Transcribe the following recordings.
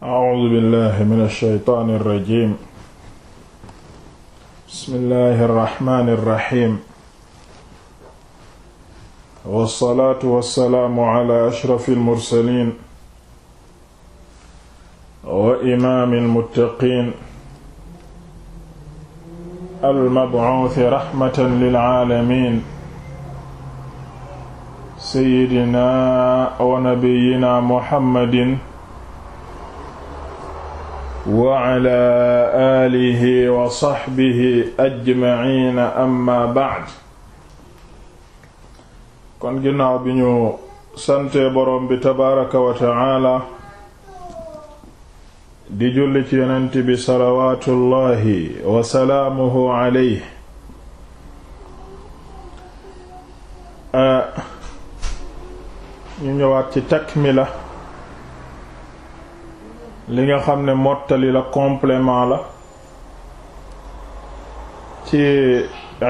A'uuzu billaahi mina shaytaani rajiim. Bismillaahi rahmaani rahiim. Wassalaatu wassalaamu alaa ashrafil mursaliin. wa imaamil muttaqiin. al-mab'uusi rahmatan lil aalamiin. Sayyidinaa wa nabiyyinaa Muhammadin. wa cala aalihi wa saxbihi ajmaciina amma bacd kon ginnaaw bi ñu sante boroom bi tabaaraka wa tacaala di julli ci yonent bi salawaatu llahi wa salaamuhu alayhi ah, ñu ñëwaat ci takmila li nga xam ne mottali la complement la ci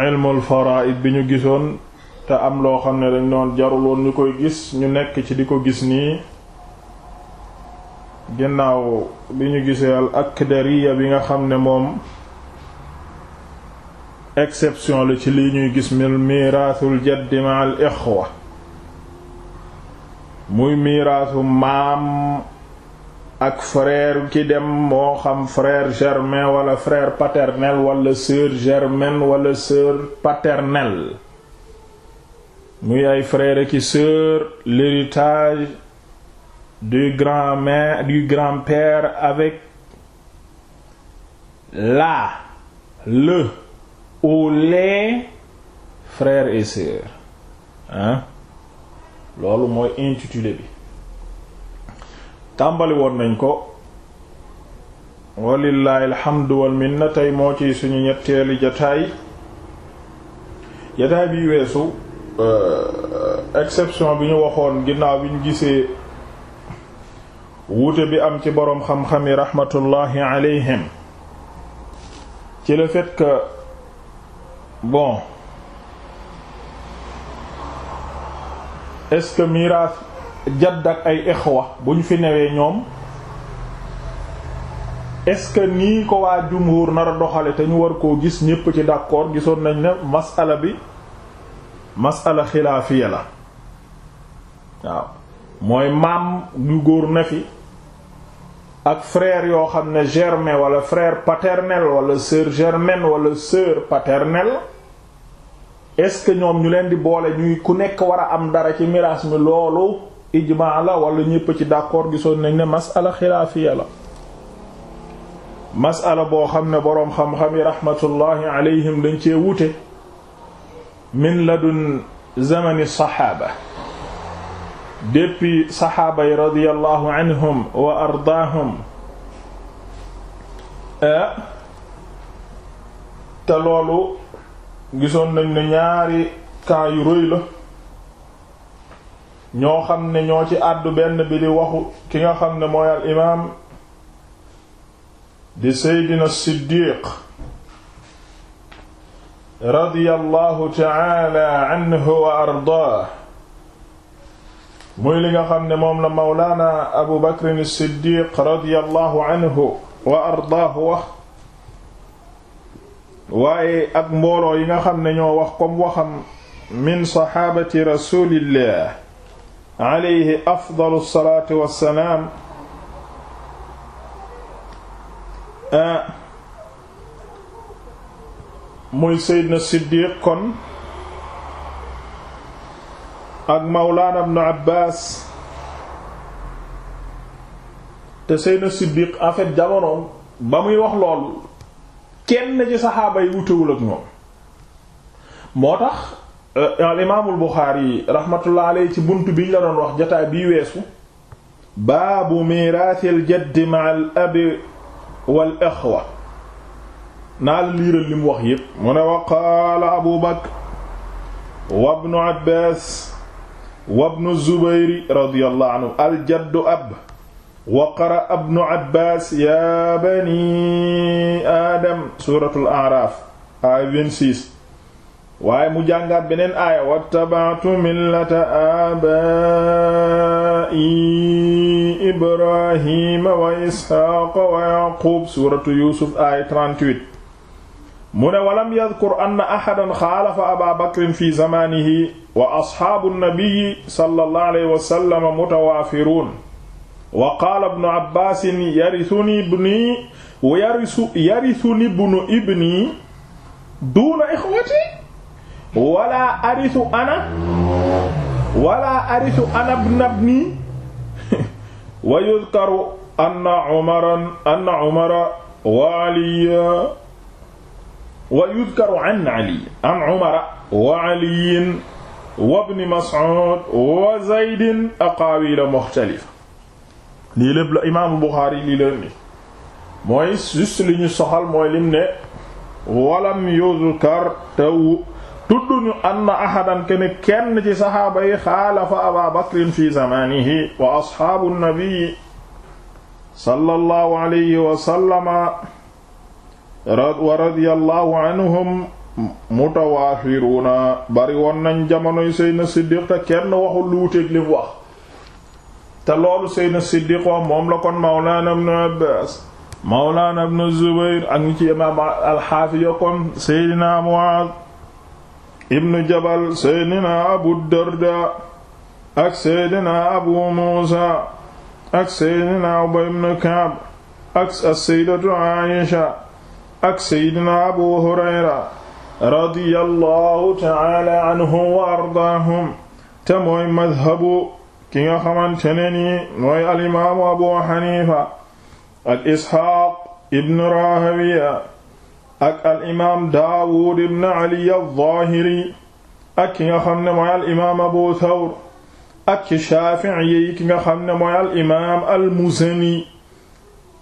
ilmul faraid bi ñu gisoon te am loo xam ne dañ doon jarul ñu koy gis ñu nekk ci di ko gis nii ginnaaw bi ñu gisee al akdariya bi nga xam ne moom exception la ci li ñuy gis mil miiraasul jaddi ma al muy miiraasu maam ak frère ki dem moo xam frère germain wala frère paternel wala sœur germaine wala sœur paternelle muy ay frère ki sœur l'héritage du grand-mère du grand-père avec la le ou les frères et sœurs hein loolu mooy intitulé bi tàmbali woon nañ ko walillahi alhamdu wal minna tey moo ci suñu ñetteeli jataay jataay bi weesu euh, exception bi ñu waxoon ginnaaw bi ñu gisee wuute bi am ci boroom xam-xam yi rahmatullahi ci le fait bon est-ce jadd ak ay exwa bu ñu fi newee ñoom est-ce que nii ko waa jumhur nar a doxale te ñu war koo gis ñépp ci d'accord gisoon nañ ne masala bi masala xilaafiya la waaw mooy maam yu góor na fi ak frère yoo xam ne germain wala frère paternel wala sœur germaine wala sœur paternelle est-ce que ñoom ñu leen di boole ñuy ku nekk war a am dara ci miraas mi loolu ijmaa wala ñépp ci d'accord gisoon nañ ne masala xilaafiya la masala boo xam ne boroom xam-xam yi rahmatullahi alayhim dañ cee wuute min ladun zamani saxaaba depuis saxaaba yi anhum wa ardaahum eh? te loolu gisoon nañ ne ñaari cas yu rëy la ñoo xam ne ñoo ci àddu benn bi di waxu ki nga xam ne mooy al imaam di seydina siddiq radiyallahu ta'ala anhu wa ardaah muy li nga xam ne moom la mawlaana abu bakrin siddiq radiyallahu anhu wa ardaah wax waaye ak mbooloo yi nga xam ne ñoo wax comme waxam min saxaabati rasulillah alayhi afdalu salaatu wassalaam muy Seydina Siddiq kon ak Mawlaana Ibnu Abbaas te Seydina Siddiq en fait jamonoom ba muy wax loolu kenn ci saxaaba yi wutewul ak ñoom moo tax Euh, al imaamul Buxaari rahmatullah alayhi ci bunt biñ la doon wax jotaay bii weesu baabu miiraasil jaddi ma'al abi wal ixwa naa la liiral li mu wax yépp mu ne wa qaala abu bakr wa ibnu abbaas wa ibnu zubayri radiyallahu anhu al jaddu ab wa qara'a ibnu abbaas yaa bani aadam suuratul a'raaf aaya 26 waaye mu jàngaat beneen aaya wattaba'tu millata aaba'i ibrahima wa isxaaqa wa yaqub suratu yusuf aaya 38 mu ne walam yadkur anna ahadan xaalafa aba bakrin fi zamanihi wa asxaabu nnabiyi sallallahu alayhi wa sallam mutawaafiruun wa qaala ibnu abbaasin yarisuni ibni wa yarisu yarisuni ibnu ibni duuna ixwati wala arisu ana wala arisu ana nabni wa yuzkaru anna umaran anna umara wa aliya wa yuzkaru an ali an umara wa aliyin wa ibn mas'ud wa zaydin aqaawila muxtalifa lii lépp la imaamu Buxaari lii leen ni mooy juste li ñu soxal mooy lim ne walam yuzkar taw tudd ñu anna ahadan ken kenn ci saxaaba yi xaalafa aba bakrin fi zamanihi wa asxaabu nnabii sallallahu alayhi wa sallama wa radiyallahu anhum mutawaafiruuna bari woon nañ jamonoy Seydina Siddiq te kenn waxul lu wuteeg li mu wax te loolu Seydina Siddiq wax moom la kon Mawlaana Ibnu Abbaas Mawlaana Ibnu Zubayr ak ñi ci imaam alxaafi yo kon Seydina Muaaz ibnu jabal seydina abu darda ak seydina abu muusa ak seydina ubay ibnu kaab ak as-sayyidatu aisha ak seydina abu hurayra radiyallahu taala anhu wa ardaahum te mooy madhabu ki nga xamante ne nii mooy alimaamu abu xanifa ak isxaaq ibnu rahawiya ak al imaam Daawud ibn Ali al-Zaahiri ak ki nga xam ne mooy al imaam Abu Thawr ak ci Shaafi'i yi ki nga xam ne mooy al imaam al-Muzani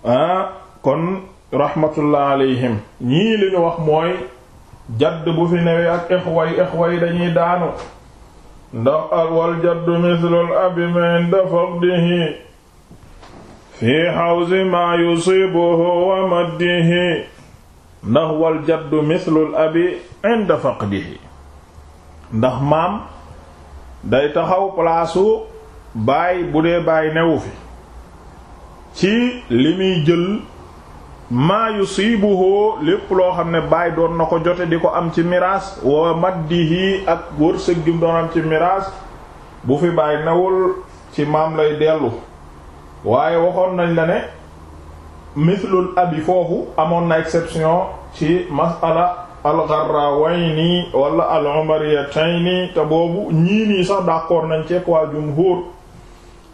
ah kon rahmatullah alayhim ñii li ñu wax mooy jadd bu fi newee ak ixwa yi ixwa yi dañuy daanu ndax al wal jadd mithlu al abi ma inda faqdihi fi hawzi ma yusibuhu wa maddihi ndax wal jaddu mislul abi inda faqdihi ndax maam day taxaw palaasu baay bu dee baay newu fi ci li muy jël maa yusiibuhu lépp loo xam ne baay doon na ko jote di ko am ci miraas wa maddihi ak wërsëg gi doon am ci miraas bu fi baay newul ci maam lay dellu waaye waxoon nañ la ne mithlul abi foofu amoon na exception ci masala al-Gharrawayni wala al-Umariyatayni te boobu ñii nii sax d'accord nañ ceeg waa jumhur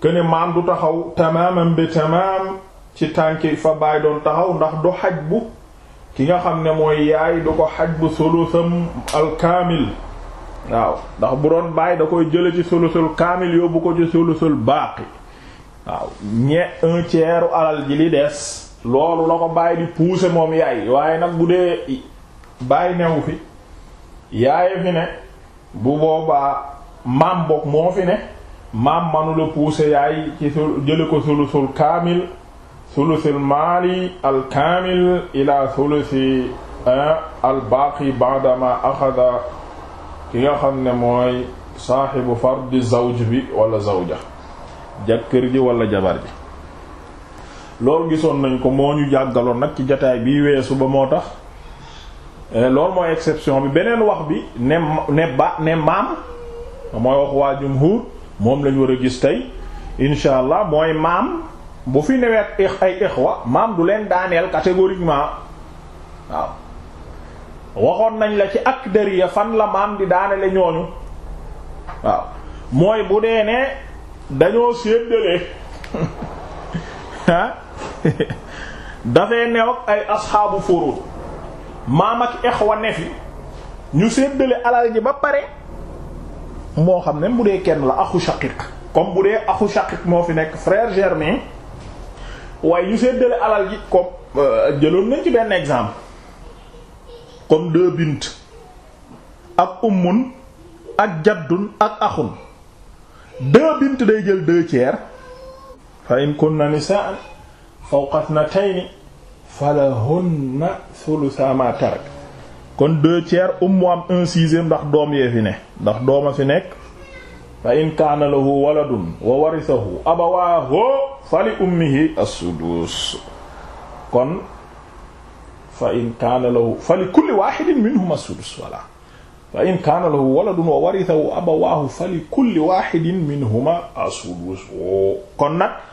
ne maam du taxaw tamaamam bi tamaam ci tànki fa baay doon taxaw ndax du xaj bu ki nga xam ne mooy yaay du ko xaj bu sulusam al-kaamil waaw ndax bu doon baay da koy jële ci sulusul kaamil yóbbu ko ci sulusul baaqi waaw ñe un tiers alal ji li des loolu la ko bàyyi di pousser moom yaay waaye nag bu dee bàyyi newu fi yaay fi ne bu boobaa maam bokk moo fi ne maam manula pousser yaay ci sul jële ko sulusul kaamil sulusul maali al kaamil ila sulusi eh, al baaqi ba'dama axada ki nga xam ne mooy saaxibu fardi zawj bi wala zawja jëkkër ji wala jabar ji loolu gisoon nañ ko moo ñu jàggaloon nag ci jataay bi weesu ba moo tax eh, loolu mooy exception bi beneen wax bi ne ne ba ne maam mooy wax waa jumhur moom lañ war a gis tey incha allah mooy maam bu fi newee ay ixwa maam du leen daaneel catégoriquement waaw waxoon nañ la ci akdariya fan la maam di daanele ñooñu waaw mooy bu dee ne dañoo séddale ah, dafay new ak ay asxaabu furud maam ak exwa ne fi ñu séddale alal ji ba pare moo xam ne bu dee kenn la axu shaqiq comme bu dee axu shaqiq moo fi nekk frère germain waaye ñu séddale alal ji comme euh, jëloon nañ ci benn exemple comme deux bint ak ummun ak jaddun ak axun deux bint day jël deux tiers fa in fawqa thnatayni falahunna thulutha ma tarak kon deux tiers ummu am un sixième ndax doom yee fi ne ndax dooma fi nekk fa in kaana lahu waladun wa warithahu abawaahu fa li ummihi as-sudus kon fa in kaana lahu fa li kulli wahidin minhum as-sudus wala fa in kaana lahu waladun wa warithahu abawaahu fa li kulli wahidin minhuma as-sudus kon nag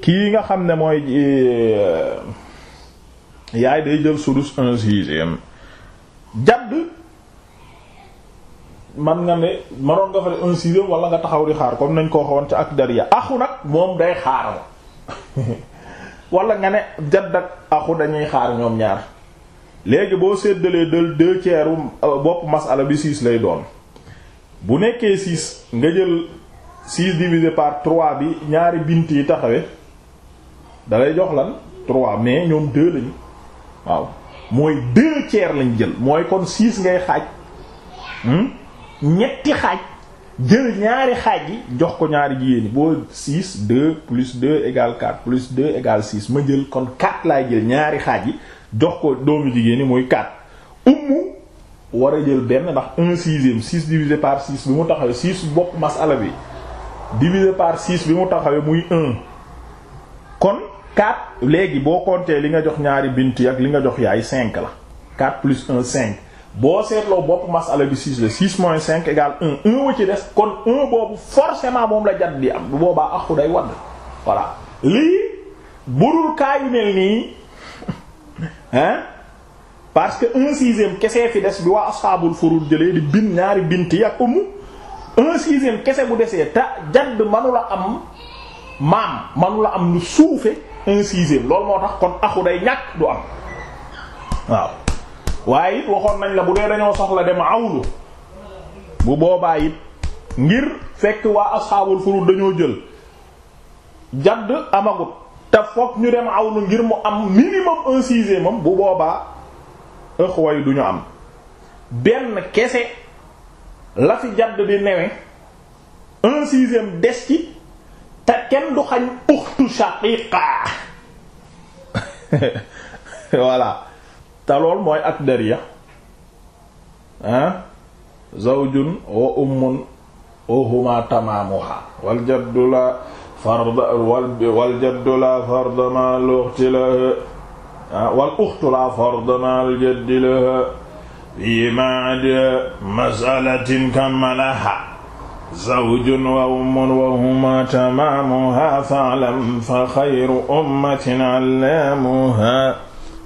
kii nga xam ne mooy euh, yaay day jël sudus un sixième jadd man nga ne manoon nga fa ne un sixième wala nga taxaw di xaar comme nañ ko waxoon ca ak dariya axu nag moom day xaaral wala nga ne jadd ak axu dañuy xaar ñoom ñaar léegi boo séddalee dël deux euh, bopp masala bi six lay doon bu nekkee six nga jël six divisé par trois bi ñaari bint yi taxawe dalay jox lan trois mais ñoom deux lañu waaw mooy deux tiers lañ jël mooy kon six ngay xaaj hmm? ñetti xaaj jël ñaari xaaj yi jox ko ñaari jigéen ñi boo six de plus deux égale quatre plus deux égale six ma jël kon quatre laay jël ñaari xaaj yi jox ko doomu jigéen ñi muy quatre ummu war a jël benn ndax un sixième six divisé par six bi mu taxawee six bokk masala bi divisé par six bi mu taxawee muy un kon 4 léegi boo compter li nga jox ñaari bint yi ak li nga jox yaay cinq la 4 plus 1 5 boo seetloo bopp masala bi 6 la 6 moins 5 égale 1 1 ci des kon 1 boobu forcément moom la jat di am bu boobaa axu day wadd voilà lii burul kaa yu mel nii hein parce que un sixième kese fi des bi waa asxaabul furud jëlee di bin ñaari bint yi ak umu un sixième kese bu desee te jadd manula am maam manula am lu suufe un sixième loolu moo tax kon axu day ñàkk du am waaw waaye it waxoon nañ la bu dee dañoo soxla dem awlu bu boobaa yit ngir fekk waa asxaabul furud dañoo jël jadd amagut te fokk ñu dem awlu ngir mu am minimum un sixième bu boobaa ëxwa yi du am benn kese la fi jadd di newe un sixième des ci te kenn du xañ uxtu shaqiqa voilà te lool mooy ak dariya ah zawjun wa ummun wa huma tamaamuha wal jaddu la fard wal jaddu la fard ma al uxti laha wal uxtu la fard ma al jaddi laha fi ma masalatin kamalaha zawjun wa ummun wa huma tamaamuha fa'lam fa xayru ummatin allamuha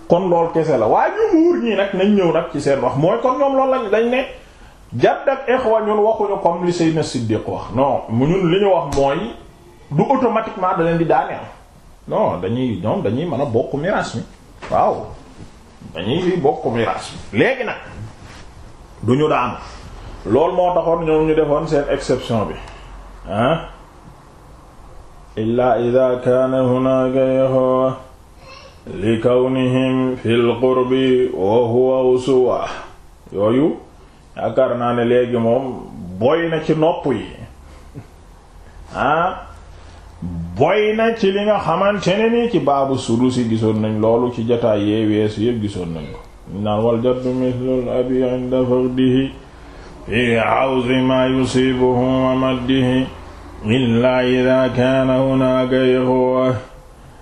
kon lool kese la waaye ñu muur ñii nag nañ ñëw nag ci seen wax mooy kon ñoom loolu lañ dañ ne jadd ak ixwa ñun waxuñu comme li Seydina Siddiq wax non mu ñun li ñu wax mooy du automatiquement da leen di daaneel non dañuy ñoom dañuy mën a bokk miraas mi waaw dañuy bokk miraas mi léegi nag duñu daanu loolu moo taxoon ñoom ñu defoon seen exception bi ah illaa ida kaana hunaaka yaxwa li kawnihim fi qurbi wa huwa usuwa yooyu yaakaar naa ne léegi moom boy na ci nopp yi ah boy na ci li nga xamante ne ni ci baabu si gisoon nañ loolu ci jataay yee weesu yépp gisoon nañ ko naan wal jaddu mislul abi inda faqdihi fi hawzi ma yusibuhu wa maddihi illaa idaa kaana hunaaka ixwa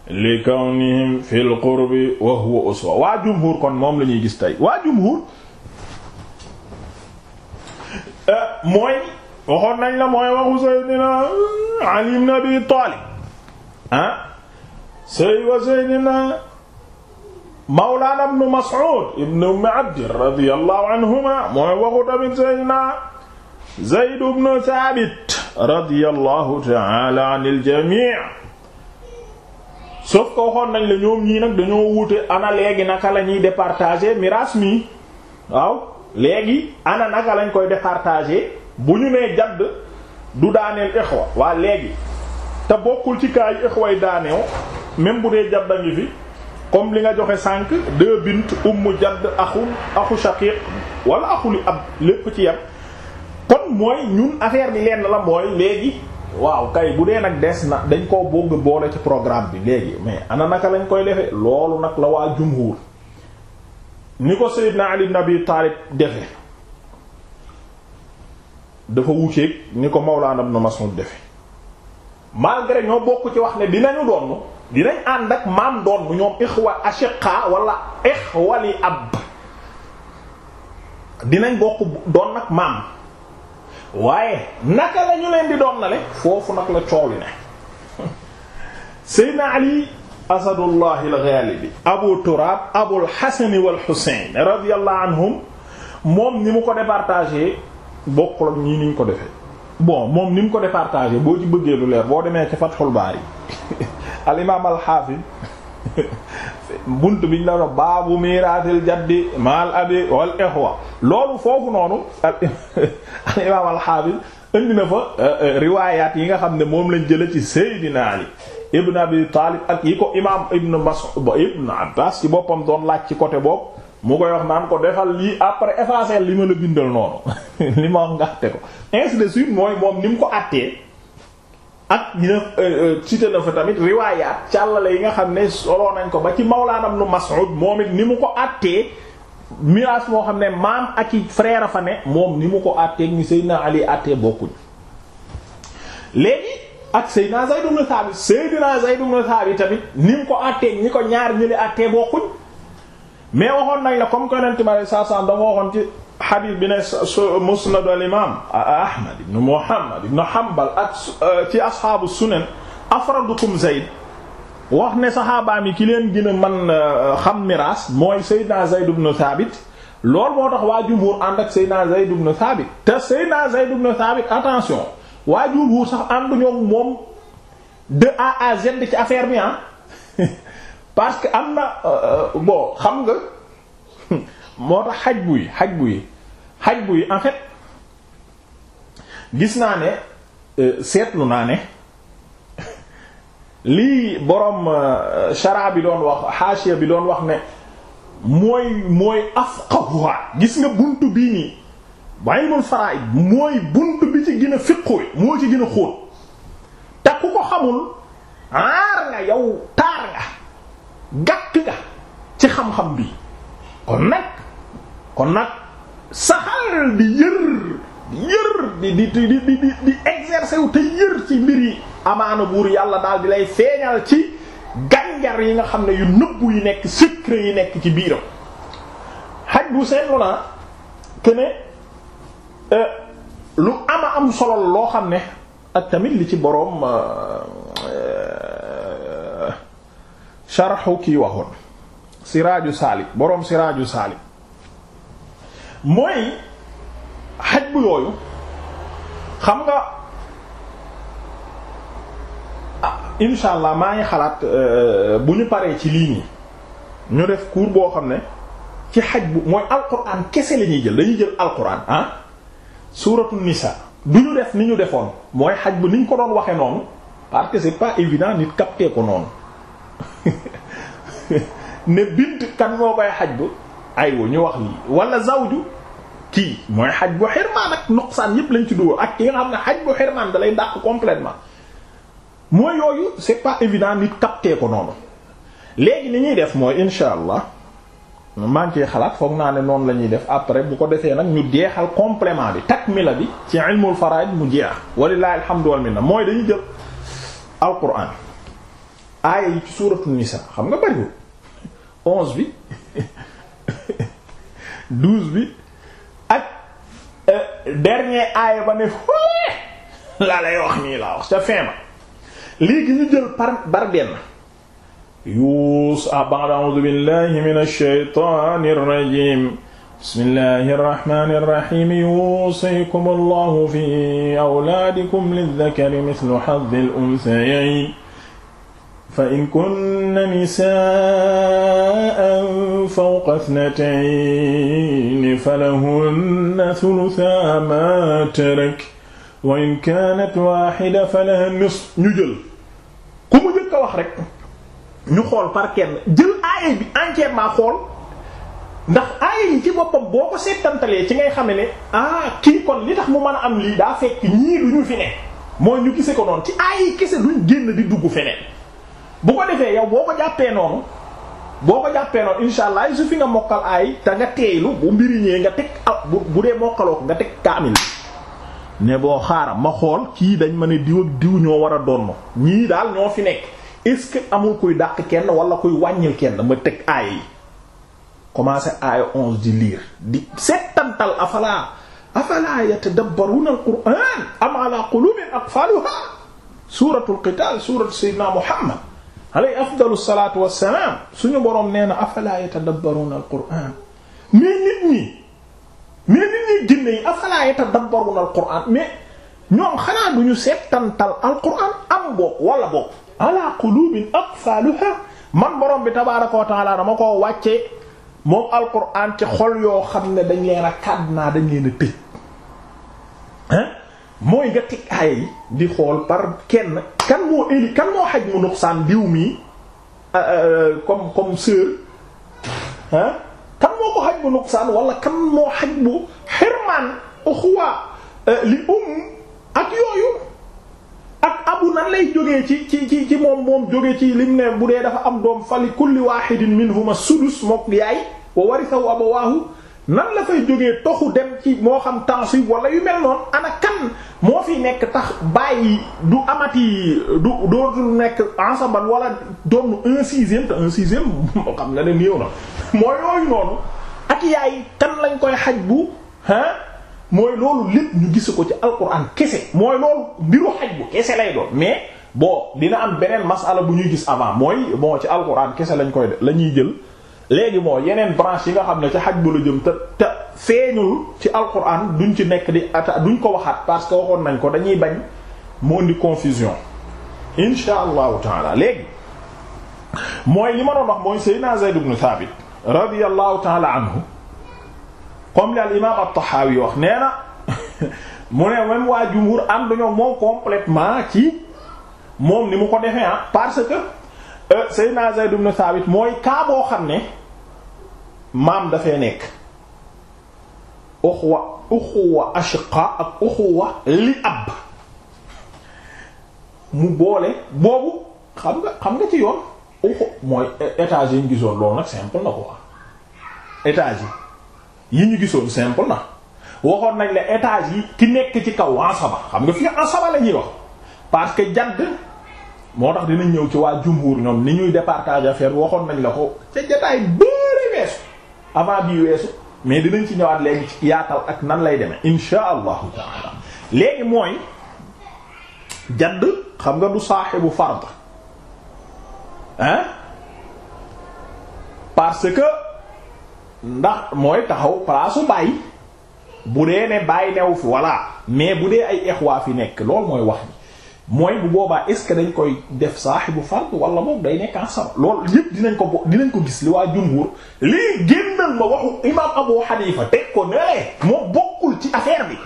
li kawnihim fi lqurbi wa huwa uswa waa jumhur kon moom la ñuy gis tey waa jumhur euh, mooy waxoon nañ la mooy waxu Seydina Ali ibn Abi Taalib ah sëy wa Seydina mawlaana ibnu Mas'ud ibnu Ummi Abd radiyallahu anhuma mooy waxu tamit sayyidina Zayd ibnu Thabit radiyallahu ta'ala anil jami' sauf ko waxoon la ñoom ñii nag dañoo wuute ana léegi naka la ñuy départager miraas mi waaw léegi ana naka lañ koy départager bu ñu nee jadd du daaneel ixwa waa léegi te bokkul ci kaay ixwa daaneew même bu dee jadd a ngi fi comme li nga joxe sànq deux bint ummu jadd axun axu shaqiq wala axuli ab lépp ci yam kon mooy ñun affaire bi leen la mooy léegi waaw kay bu dee nag des na dañ koo bëgg boole ci programme bi léegi mais ana naka lañ koy defee loolu nag la waa jumhur ni ko Seydina Ali ibn Abi Taalib defe dafa wuuteeg ni ko Mawlaana Ibn Mas'ud defe malgré ñoo bokk ci wax ne dinañu doon dinañ ànd ak maam doon bu ñoom ixwa ashiqa wala ixwali ab dinañ bokk doon nag maam waaye naka la leen di doon nale foofu nag la coow li ne Seydina Ali asadullah al-ghalibi abu turab abul hasan wal husayn anhum moom ni mu ko départagé bokkul ak ñii ni ko defee bon moom ni mu ko départagé boo ci bëggee lu leer boo demee ci Fathul Bari al imaam al xaafis bunt biñ la doon baabu miiraatil jaddi maal abi wal ixwa loolu foofu noonu al imaam al xaafis indi fa euh, euh, riwaayaat yi nga xam ne moom lañ jëlee ci Seydina Ali ibn Abi Taalib ak yi ko imaam ibn Mas'ud ibn Abbaas ci boppam doon laaj ci côté boobu mu ko wax naan ko defal lii après effacer li mën a bindal noonu li ma wax ko ainsi mooy moom ni mu ko àttee. ak dina euh, euh, cité na fa tamit riwaayaat càllale yi nga xam ne soloo nañ ko ba ci mawlaanam nu Mas'ud moom it ni mu ko àttee miraas moo xam ne maam ak i frère fa ne moom ni mu ko àttee ni Seydina Ali àttee bokkuñ léegi ak Seydina Zayd ibn Thabit Seydina Zayd ibn Thabit tamit ni mu ko àttee ñi ko ñaar ñi li àttee bokkuñ mais waxoon nañ la comme que Yonent bi sallallahu alayhi wasallam waxoon ci xadiis bi ne musnad al imaam Ahmad ibn Muhammad ibn Hanbal ak euh, ci asxaabu sunan afradukum Zayd wax ne saxaabaam yi ki leen gën euh, xam miraas mooy Seydina Zayd ibn Thabit loolu moo tax waa jumhuur ànd ak Seydina Zayd ibn Thabit te Seydina Zayd ibn Thabit attention waa jumhuur sax ànduñoo moom de A à Z ci affaire bi ah parce que am na euh, bon xam nga. moo tax xaj bu xaj bu xaj bu yi en gis naa ne euh, seetlu naa ne lii borom chara euh, bi doon wax xaasiya bi doon wax ne mooy mooy afqahuha gis nga bunt bii nii ilmul faraa'id mooy bunt bi ci gën a fiqu moo ci gën a xóot te ku ko xamul aar nga yow taar nga gàkk nga ci xam-xam bi kon nag kon nag saxal di yër di yër di di di te yër ci mbir yi amaana buur yàlla daal di lay feeñal ci gànjar yi nga xam ne yu nëbbu yi nekk secret yi nekk ci biiram xaj bu seetlu naa que euh, lu ama am solo loo xam ne ak tamit li ci boroom euh, euh, sharxu kii waxoon siraaju saalik boroom siraaju saalik mooy xaj bu yooyu xam nga ah insha allah maa ngi xalaat euh, bu ñu paree ci lii nii ñu def cours boo xam ne ci xaj bu mooy alquran kese la ñuy jël dañuy jël alquran ah suratu nisa du ñu def ni ñu defoon mooy xaj bu ni ñu ko doon waxee noonu parce que c'est pas évident nit capter ko noonu ne bint kan moo koy xaj bu ay woo ñu wax lii wala zawju kii mooy xaj bu xirmaan ak nuqsaan yépp lañ ci dugal ak ki nga xam ne xaj bu xirmaan da lay dàq complètement mooy yooyu c'est pas évident nit capter ko noonu léegi ni ñuy def mooy insha allah maa ngi xalaat foog naa ne noonu la ñuy def après bu ko defee nag ñu jeexal complément bi takmila bi ci ilmul faraid mu jeex walillahi alhamdu wal minna mooy dañuy jël alquran aaya yi ci suuratu nisa xam nga bariwul onze bi douze bi ak euh, dernier aaya ba ne foolee laa lay wax nii laa wax ca fin ba léegi ñu jël par bar benn yuus abad ah, a'uudu billahi minash shaytaanir rajiim bismillahi rrahmaani rrahiim yuusikum allahu fi awlaadikum lizzakari mithlu hazzil unsayayni fa in kunna nisaa'an fawqa ithnatayni falahunna thuluthaa maa tarak wa in kaanat waahida falahaa ñu jël ku mu njëkk a wax rek ñu xool par kenn jël aaya bi entièrement xool ndax aaya yi ci boppam boo ko seetantalee ci ngay xam ne ne ah, kii kon li tax mu mën a am lii daa fekk ñii du ñu fi ne mooy ñu gise ko noonu ci aaya yi kese duñ génn di dugg feneen bu ko defee yow boo ko jàppee noonu boo ko jàppee noonu insha allah su fi nga mokkal aay te nga teeylu bu mbiri ñëwee nga teg ah bu dee mokkaloo ko nga teg kaamil ne boo xaaral ma xool kii dañ ma ne diw ak diw ñoo war a doon ma ñii daal ñoo fi nekk est-ce que amul kuy dàq kenn wala kuy wàññil kenn ma teg aay yi commencé aaya onze di lire di settantal afala afala yatadabbaruna alquran am ala qulubin aqfaluha suratul qital suratu sayyidina muhammad alay afdalu salaatu wassalaam suñu boroom nee na afalaa yatadabbaruuna alquraan mais nit ñi mais nit ñi ginne yi afalaa yatadabbaruuna alquraan mais ñoom xanaa duñu seetantal alquraan am bopp wala bopp ala quluubin aqfaaluha man boroom bi tabaaraka wa taala dama koo wàcce moom alquraan ci xol yoo xam ne dañ leen a kàdd naa dañ leen tëj mooy nga teg aaya yi di xool par kenn kan moo éli kan moo xaj mu nuqsaan diw mii ah, ah, comme comme sœur ah kan moo ko xaj mu nuqsaan wala kan moo xaj bu xirmaan uxuwa eh, li um ak yooyu ak abu nan lay jógee ci ci ci ci moom moom jógee ci lim ne bu dee dafa am doom fali kulli wahidin minhuma sudus mook yaay wa warithahu abawaahu nan la fay jógee toxu dem ci moo xam tansib wala yu mel noonu ana kan moo fi nekk tax bàyyi du amati du dootul nekk ensemble wala doon un sixième te un sixième moo xam nga ne néew na mooy yooyu noonu ak yaay kan lañ koy xaj bu mooy loolu lépp ñu gis ko ci alquran kese mooy loolu mbiru xaj bu kese lay doon mais bon dina am beneen masala bu ñuy gis avant mooy moo ci alquran kese lañ koy la ñuy jël léegi moo yeneen branche yi nga xam ne ci xaj bu jëm te te feeñul ci alquran duñ ci nekk di ata duñ ko waxaat parce que waxoon nañ ko dañuy bañ moo di confusion insha allahu taala léegi mooy li ma doon wax mooy sayyidina Zayd ibn Thabit radiyallahu taala anhu comme li al imam at-Tahawi wax nee na mu ne même waa jumhur am dañoo moom complètement ci moom ni mu ko defee ah parce que euh, sayyidina Zayd ibn Thabit mooy cas boo xam ne maam dafay nekk uxwa uxwa ashqa ak uxwa li ab mu boole boobu xam nga xam nga ci yoon uxu mooy étage yi ñu gisoon loolu nag simple na quoi étage yi ñu gisoon simple na woxoon nañ la étage yi ki nekk ci kaw asaba xam nga fi asaba la ñuy wax parce que jadd moo tax dinañ ñëw ci waa jumhur ñoom ni ñuy départage affaire waxoon nañ la ko ca jotaay bëre weesu avant bii weesu mais dinañ ci ñëwaat léegi ci yaatal ak nan lay demee insha allahu taala léegi mooy jadd xam nga du saaxibu fard hein parce que ndax mooy taxaw palaasu bàyyi bu dee ne bàyyi newu fi voilà mais bu dee ay ixwa fi nekk loolu mooy wax ni mooy bu boobaa est ce que dañ koy def saaxibu fard wala moom day nekk en sama loolu yëpp dinañ ko bo dinañ ko gis li waa jumhur lii génnal ma waxu imaam Abu Hanifa teg ko nee moom bokkul ci affaire bi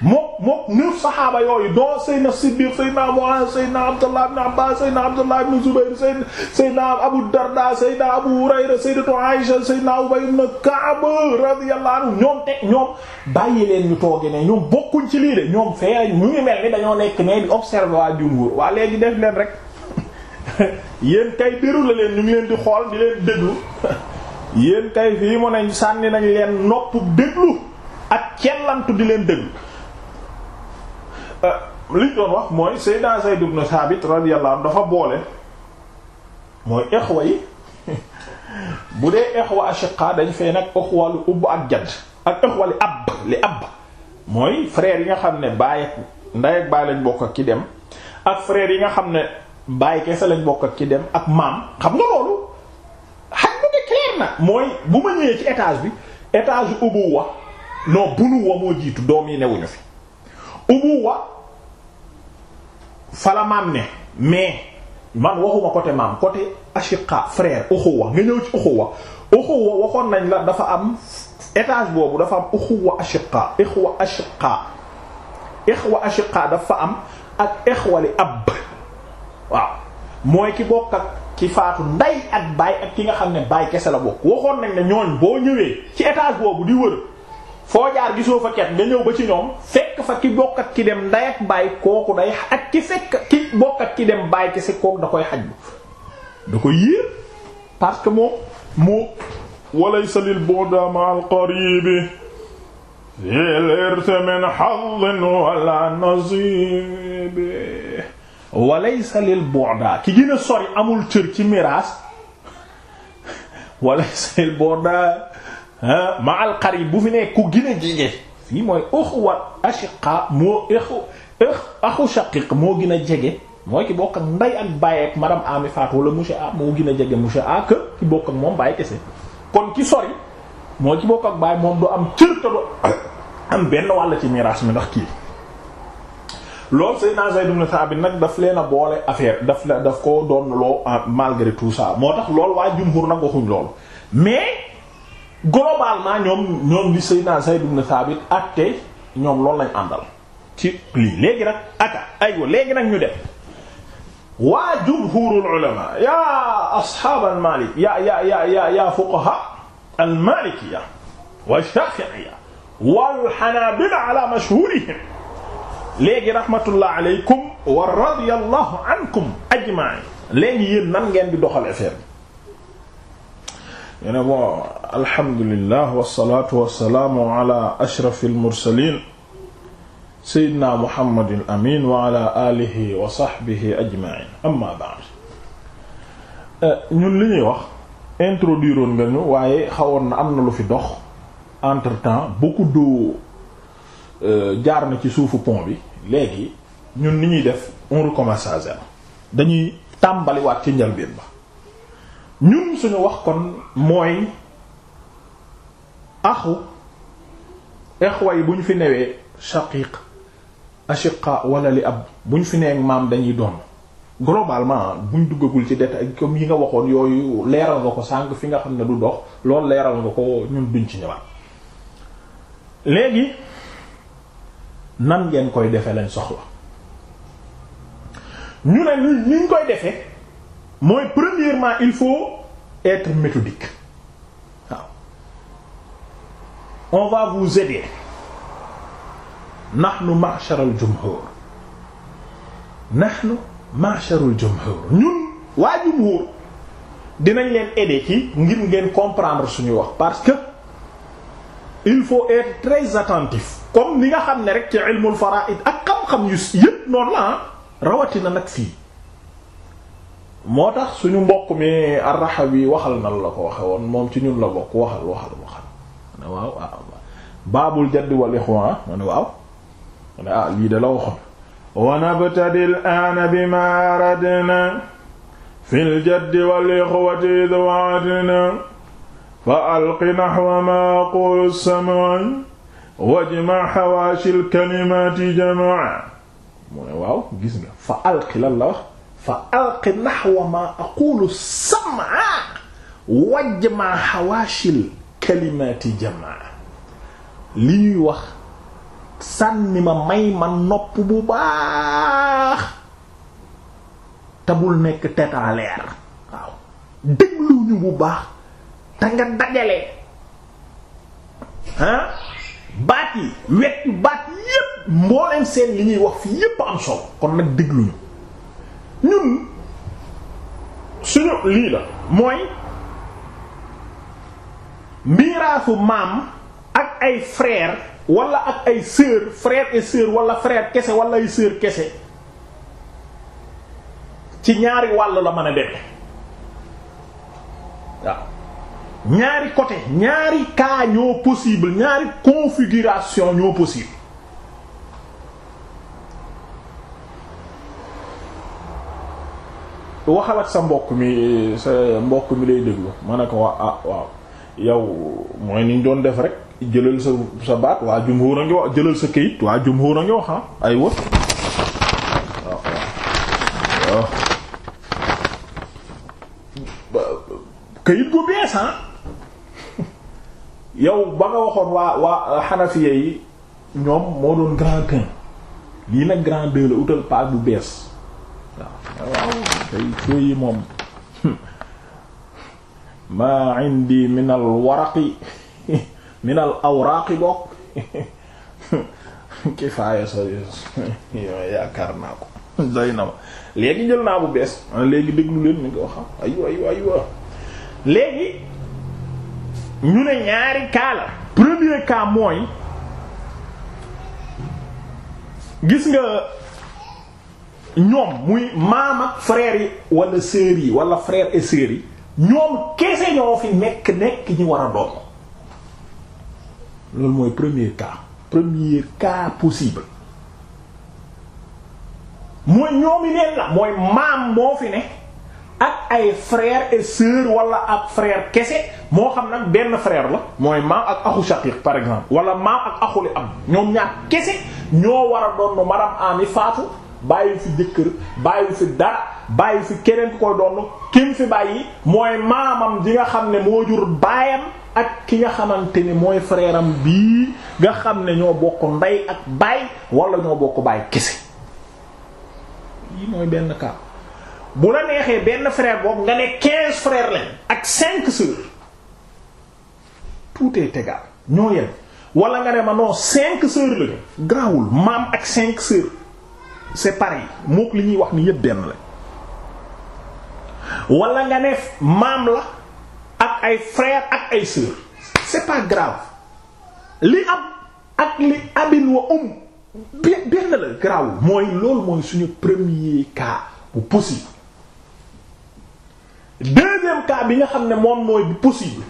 mook mook neuf saxaaba yooyu doo Seydina Siddiq Seydina Mu'aaz Seydina Abdullah ibn Abbaas Seydina Abdullah ibn Zubayr Seydina Seydina Abu Darda Seydina Abu Hurayra Sayyidatu Aïsha Seydina Ubay ibn Ka'b radiyallahu anhu ñoom teg ñoom bàyyi leen ñu tooge ne ñoom bokkuñ ci lii de ñoom fee ñu ngi mel ni dañoo nekk ne di observer waa jumhur waa léegi def leen rek yéen kay déru la leen ñu ngi leen di xool di leen déglu yéen kay fii mu ne sànni nañ leen nopp déglu di leen déglu Euh, liñ doon wax mooy Seydina Zayd ibn Thabit radiyallahu anhu dafa boole mooy exwa yi bu dee exwa ashiqa dañ fee nag exwa lu ubb ak jadd ak exwa li ab li ab mooy frère yi nga xam ne baay ak ndey ak ki dem ak frère yi nga xam ne baay kese lañ bokk ak ki dem ak maam xam nga loolu xam nga ne na mooy bu ma ñëwee ci étage bi étage ubu wa non bunu wa moo jiitu doom yi newuñu fi ubuwa fala maam ne mais man waxuma côté maam côté ashiqa frère uxuwa nga ñëw ci uxuwa uxuwa waxoon nañ la dafa am étage boobu dafa am uxuwa ashiqa ixwa ashiqa ixwa ashiqa dafa am ak ixwali ab waaw mooy ki bokk ak ki faatu nday ak baay ak ki nga xam ne baay kese la bokk waxoon nañ ne ñooñ boo ñëwee ci étage boobu di wër foo jaar gisoo fa ket nga ñëw ba ci ñoom fekk fa ki bokk ak ki dem nday baay kooku day ak ki fekk ki bokk ak ki dem baay kese kooku da koy xaj bu da koy yéer parce que moom moo walaysa lil bu'da ma'al qaribi fil irth min ki gën a amul cër ci miraas walaysa lil bu'da ma al bu fi ne ku gën a jege fii mooy uxwa ashiqa moo axu shaqiq moo gën a jege mooy ki bokk ak nday ak baay ak madame ami faat wala monsieur a moo gën a jege monsieur a que ki bokk ak moom baay kese kon ki sori mooy ki bokk ak baay moom du am cër te du am benn wàll ci miraas mi ndax kii loolu Seydina Zayd ibn Thabit nag daf leen a boole affaire daf la daf ko doon loo malgré tout ça moo tax lool waa jumhur nag waxuñ loolu mais globalement ñoom ñoom li Seydina Zayd ibn Thabit àtte ñoom loolu lañ àndal ci lii léegi nag aka aywa léegi nag ñu dem waa jumhurul ulama al malik ya ya ya ya ya fuqaha al malikiya wa shafi'iyya wal hanabila léegi rahmatullah alaykum wa radiyallahu ankum ajma'in léegi yéen nan ngeen di doxal affaire ñu ne bon alhamdulillah wasalaatu wasalaamu ala ashrafil mursaliin seydina muhammadil amin wa ala alihi wa sahbihi ajma'in amma ñun li ñuy wax introduire nga ñu waaye xawoon na am na lu fi dox entre temps beaucoup d'eau euh, jaar na ci suufu pont bi léegi ñun ni ñuy def on recommence à dañuy tàmbaliwaat ci njëlbeen ba ñun suñu wax kon mooy axu exwa yi bu ñu fi newee shaqiq ashiqa wala li ab bu fi nee maam dañuy doon globalement buñ duggagul ci ak comme yi nga waxoon yooyu leeral nga ko sànq fi nga xam ne du dox loolu leeral nga ko ñun duñ ci ñëwaat léegi nan ngeen koy defee lañ soxla ñu ne niñ koy defee mooy premièrement il faut être méthodique waaw on va vous aider nahnu ma'sharal jumhur nu ma'sharul jumhur ñun waa jumhur dinañ leen aider ci ngir ngeen comprendre suñu wax parce que il faut être très attentif comme ni nga xam ne rek ci ilmul fara'id ak xam-xam yu yépp noonu la ah, rawatina nag fii moo tax suñu mbokk mi Ar-Rahawi waxal nan la ko waxe woon moom ci ñun la bokk waxal waxal waxal ne waaw baabul jaddi wal ikhwa ma ne waaw ma ne ah lii de la waxoon wa nabtadi al-aana bima aradna fi al-jaddi wal ikhwati idh wa'adna fa alqi nahwa ma aqulu as-sam'i wajma' hawashi al-kalimati jam'a mu ne waaw gis nga fa alqi lan la wax fa alqi naxwa ma aqulu sam'a wajma xawaashil kalimaati jamaa li ñuy wax sànni ma may ma nopp bu baax te nekk tetaaleer waaw déglu ñu bu baax te nga dajale ah baat yi wet baat yépp mbooleen seen li ñuy wax fi yépp am solo kon nag dégluñu ñun suñu lii la mooy miraasu maam ak ay frère wala ak ay sœur frère et sœur wala frère kese wala ay sœur kese ci ñaari wàll la mën a demee waaw ñaari côté ñaari cas ñoo possible ñaari configuration ñoo possible waxal ak sa mbokk mi sa mbokk mi lay déglu ma ne ko waa ah waaw yow mooy niñ doon def rek jëlal sa sa baat waa jumhur a ngi wax jëlal sa këyit waa jumhur a ngi wax ah ay wër këyit gu bees ah yow ba nga waxoon waa waa xanafiya yi ñoom moo doon grand 1 lii nag grand 2 la utal paak bu bees waaw waaw kay cooyi moom maa indi min al waraqi min al awraaqi bokk kifaaya sa yaakaar naa ko doy na ma léegi jël naa bu bees léegi déglu leen ni nga wax aywa aywa aywa léegi ñu ne ñaari cas la premier cas gis nga ñoom muy maam ak frères yi wala sœurs yi wala frères et sœurs yi ñoom kese ñoo fi nekk nekk ñi war a doon loolu mooy premier cas premier cas possible mooy ñoomi neen la mooy maam moo fi ne ak ay frères et sœurs wala ak frère kese moo xam nag benn frère la mooy maam ak axu shaqiq par exemple wala maam ak axuli am ñoom ñaar kese ñoo war a doon madame ami faatu bàyyi fi jëkkër bàyyi fi dara bàyyi fi keneen ku koy doon kim fi bàyyi mooy maamam ji nga xam ne moo jur baayam ak ki nga xamante ni mooy frère bii nga xam ne ñoo bokk ndey ak baay wala ñoo bokk baay kese yi mooy benn cas bu la neexee benn frère boobu nga ne quinze frères lañ ak cinq sœurs tout est ñoo yem wala nga ne ma non cinq sœurs lañu grawul maam ak cinq sœurs c'est pareil mook li ñuy wax ni yépp benn la wala nga ne maam la ak ay frère ak ay sœur c'est pas grave li ab ak li abin wa um benn la grave mooy loolu mooy suñu premier cas bu possible deuxième cas bi nga xam ne moom mooy bu possible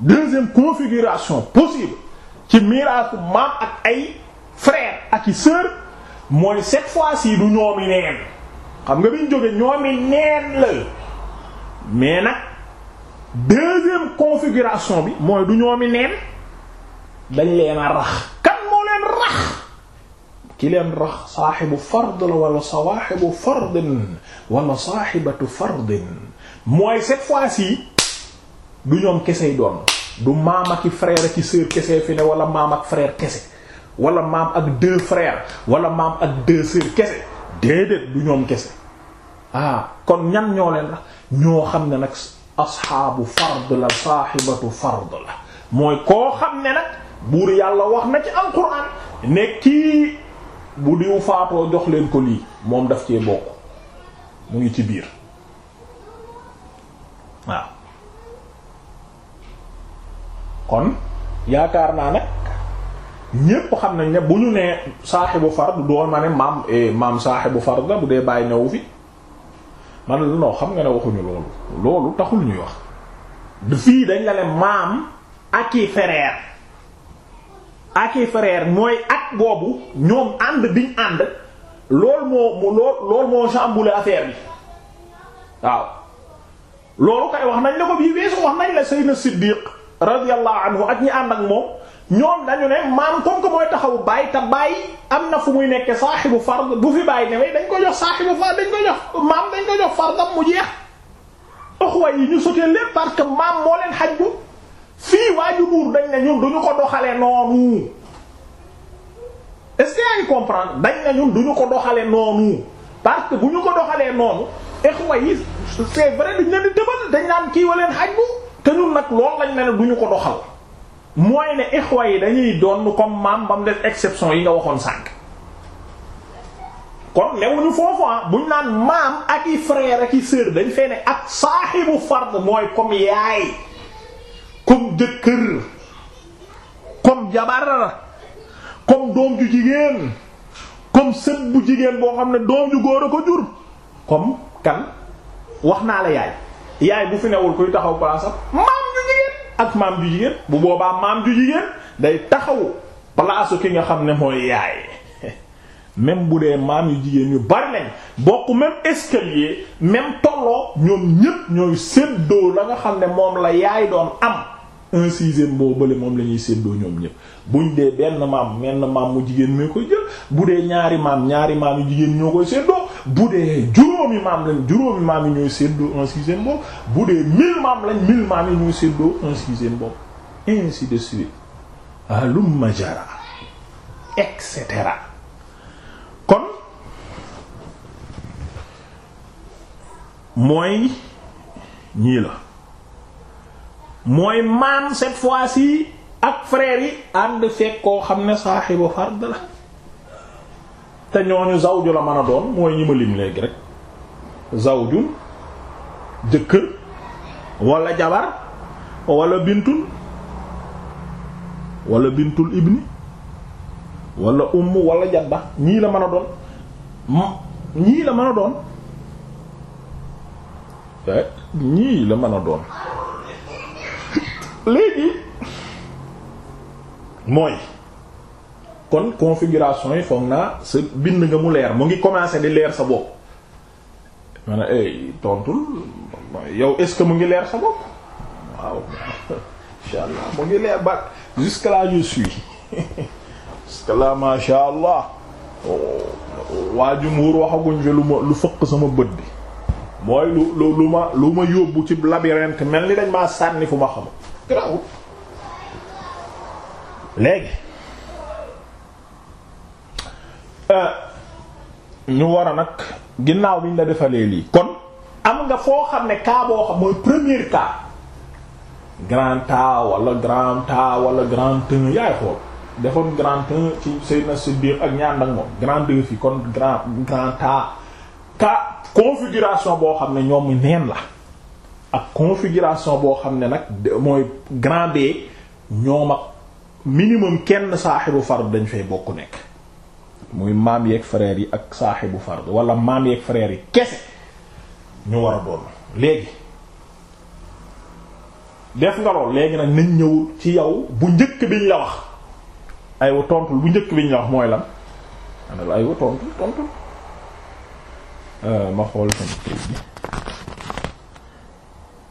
deuxième configuration possible ci miraasu maam ak ay frère ak i sœur mooy cette fois-ci du ñoomi neen xam nga biñ jóge ñoomi neen la mais nag deuxième configuration bi mooy du ñoomi neen dañ leen a rax kan moo leen rax ki leen rax saaxibu fard la wala sawaaxibu fardin wala saaxibatu mooy cette fois-ci du ñoom kesey doon du maam ak frère ak sœur kese fi ne wala maam ak frère kese wala maam ak deux frères wala maam ak deux sœurs kese déedéet du ñoom kese ah kon ñan ñoo leen la ñoo xam ne nag asxaabu fard la saaxibatu fard la mooy koo xam ne nag buur yàlla wax na ci alquran ne kii bu diw faatoo jox leen ko lii moom daf cee bokk mu ngi ci biir waaw kon yaakaar naa nag ñépp xam nañ ne bu ñu nee saaxibu fard doon ma ne maam eh, maam saaxibu fard la bu dee bàyyi newu fi man la non xam nga ne waxuñu loolu loolu taxul ñuy wax fii dañ la ne maam ak i frère ak i frère mooy ak boobu ñoom ànd biñ ànd loolu moo lool loolu moo chamboulé affaire bi waaw loolu kay wax nañ la ko bii weesu wax nañ la Seydina Siddiq radiyallahu anhu ak ñi ànd ak moom ñoom dañu ne maam comme que mooy taxawu baay te baay am na fu muy nekk saaxibu fard bu fi baay newee dañ ko jox saaxibu fard dañ ko jox maam dañ ko jox fardam mu jeex uxwa yi ñu sotee lépp parce que maam moo leen xaj bu fii waa jumhuur dañ ne ñun duñu ko doxale noonu est-ce dañ ne ñun duñu ko doxale noonu parce que bu ñu ko doxalee noonu uxwa yi c'est vrai duñ leen di tëbal dañ naan kii wa leen xaj bu te ñun nag loolu lañ ne ne duñu ko doxal mooy ne ixwa yi dañuy doon comme maam ba mu def exception yi nga waxoon sànq kon newuñu foofu ah buñ naan maam ak i frère ak i sœur dañ fee ne ak saaxibu fard mooy comme yaay comme jëkkër comme jabar comme doom ju jigéen comme sët bu jigéen boo xam ne doom ju góor a ko jur comme kan wax naa la yaay yaay bu fi newul kuy taxaw place maam ju jigéen ak maam ju jigéen bu boobaa maam ju jigéen day taxaw palaasu ki nga xam ne mooy yaay même bu dee maam yu jigéen ñu bari lañ bokk même escalier même tolloo ñoom ñëpp ñooy séddoo la nga xam ne moom la yaay doon am un sixième boo bële moom la ñuy séddoo ñoom bu buñ dee benn maam benn maam mu jigéen ñoo koy jël bu dee ñaari maam ñaari maam yu jigéen ñoo koy séddoo bu dee juróomi maam lañ juróomi maam yi ñooy séddoo un sixième bopp bu dee mille maam lañ mille maam yi ñooy séddoo un sixième bopp ainsi de suite alumma jara et kon mooy ñii la mooy maam cette fois si ak frère yi ànd fekk koo xam ne saaxibu fard la te ñooñu zawju la mën a doon mooy ñi léegi rek zawjun jëkkër wala jabar walla bintun wala bintul ibni wala umm wala jadda ñii la mën a doon ñii la mën a doon eh, ñii la mën a doon léegi mooy kon configuration yi foog naa sa bind nga mu leer mu ngi commencer di leer sa bopp ma ne eh, tontul yow est-ce que mu ngi leer sa bopp waaw insha allah mu ngi leer ba jusque là je suis jusque là masha allah oh, waa jumhur waxaguñ fi lu ma lu fëq sama bët bi mooy lu lu lu ma lu ma yóbbu ci labyrinthe mel ni dañ maa sànni fu ma xamul. grawul léegi Euh, ñu war a nag ginnaaw bi ñu la defalee lii kon am nga foo xam ne cas boo xam mooy premier cas grand ta wala grand ta wala grand ten yaay xool defoon grand ten ci Seydina Siddiq ak ñaan ak moom grand deux fi kon grand grand ta ka configuration boo xam ne ñoom neen la ak configuration boo xam ne nag mooy grand B ñoom ak minimum kenn saaxibu fard dañ fay bokk nekk muy maam yeeg frère yi ak saaxibu fard wala maam yeeg frère yi kese ñu war a doon léegi def nga lool léegi nag nañ ñëw ci yow bu njëkk biñ la wax aywa tontul bu njëkk biñ la wax mooy lan la aywa tontul tontul euh, ma xool sama kayit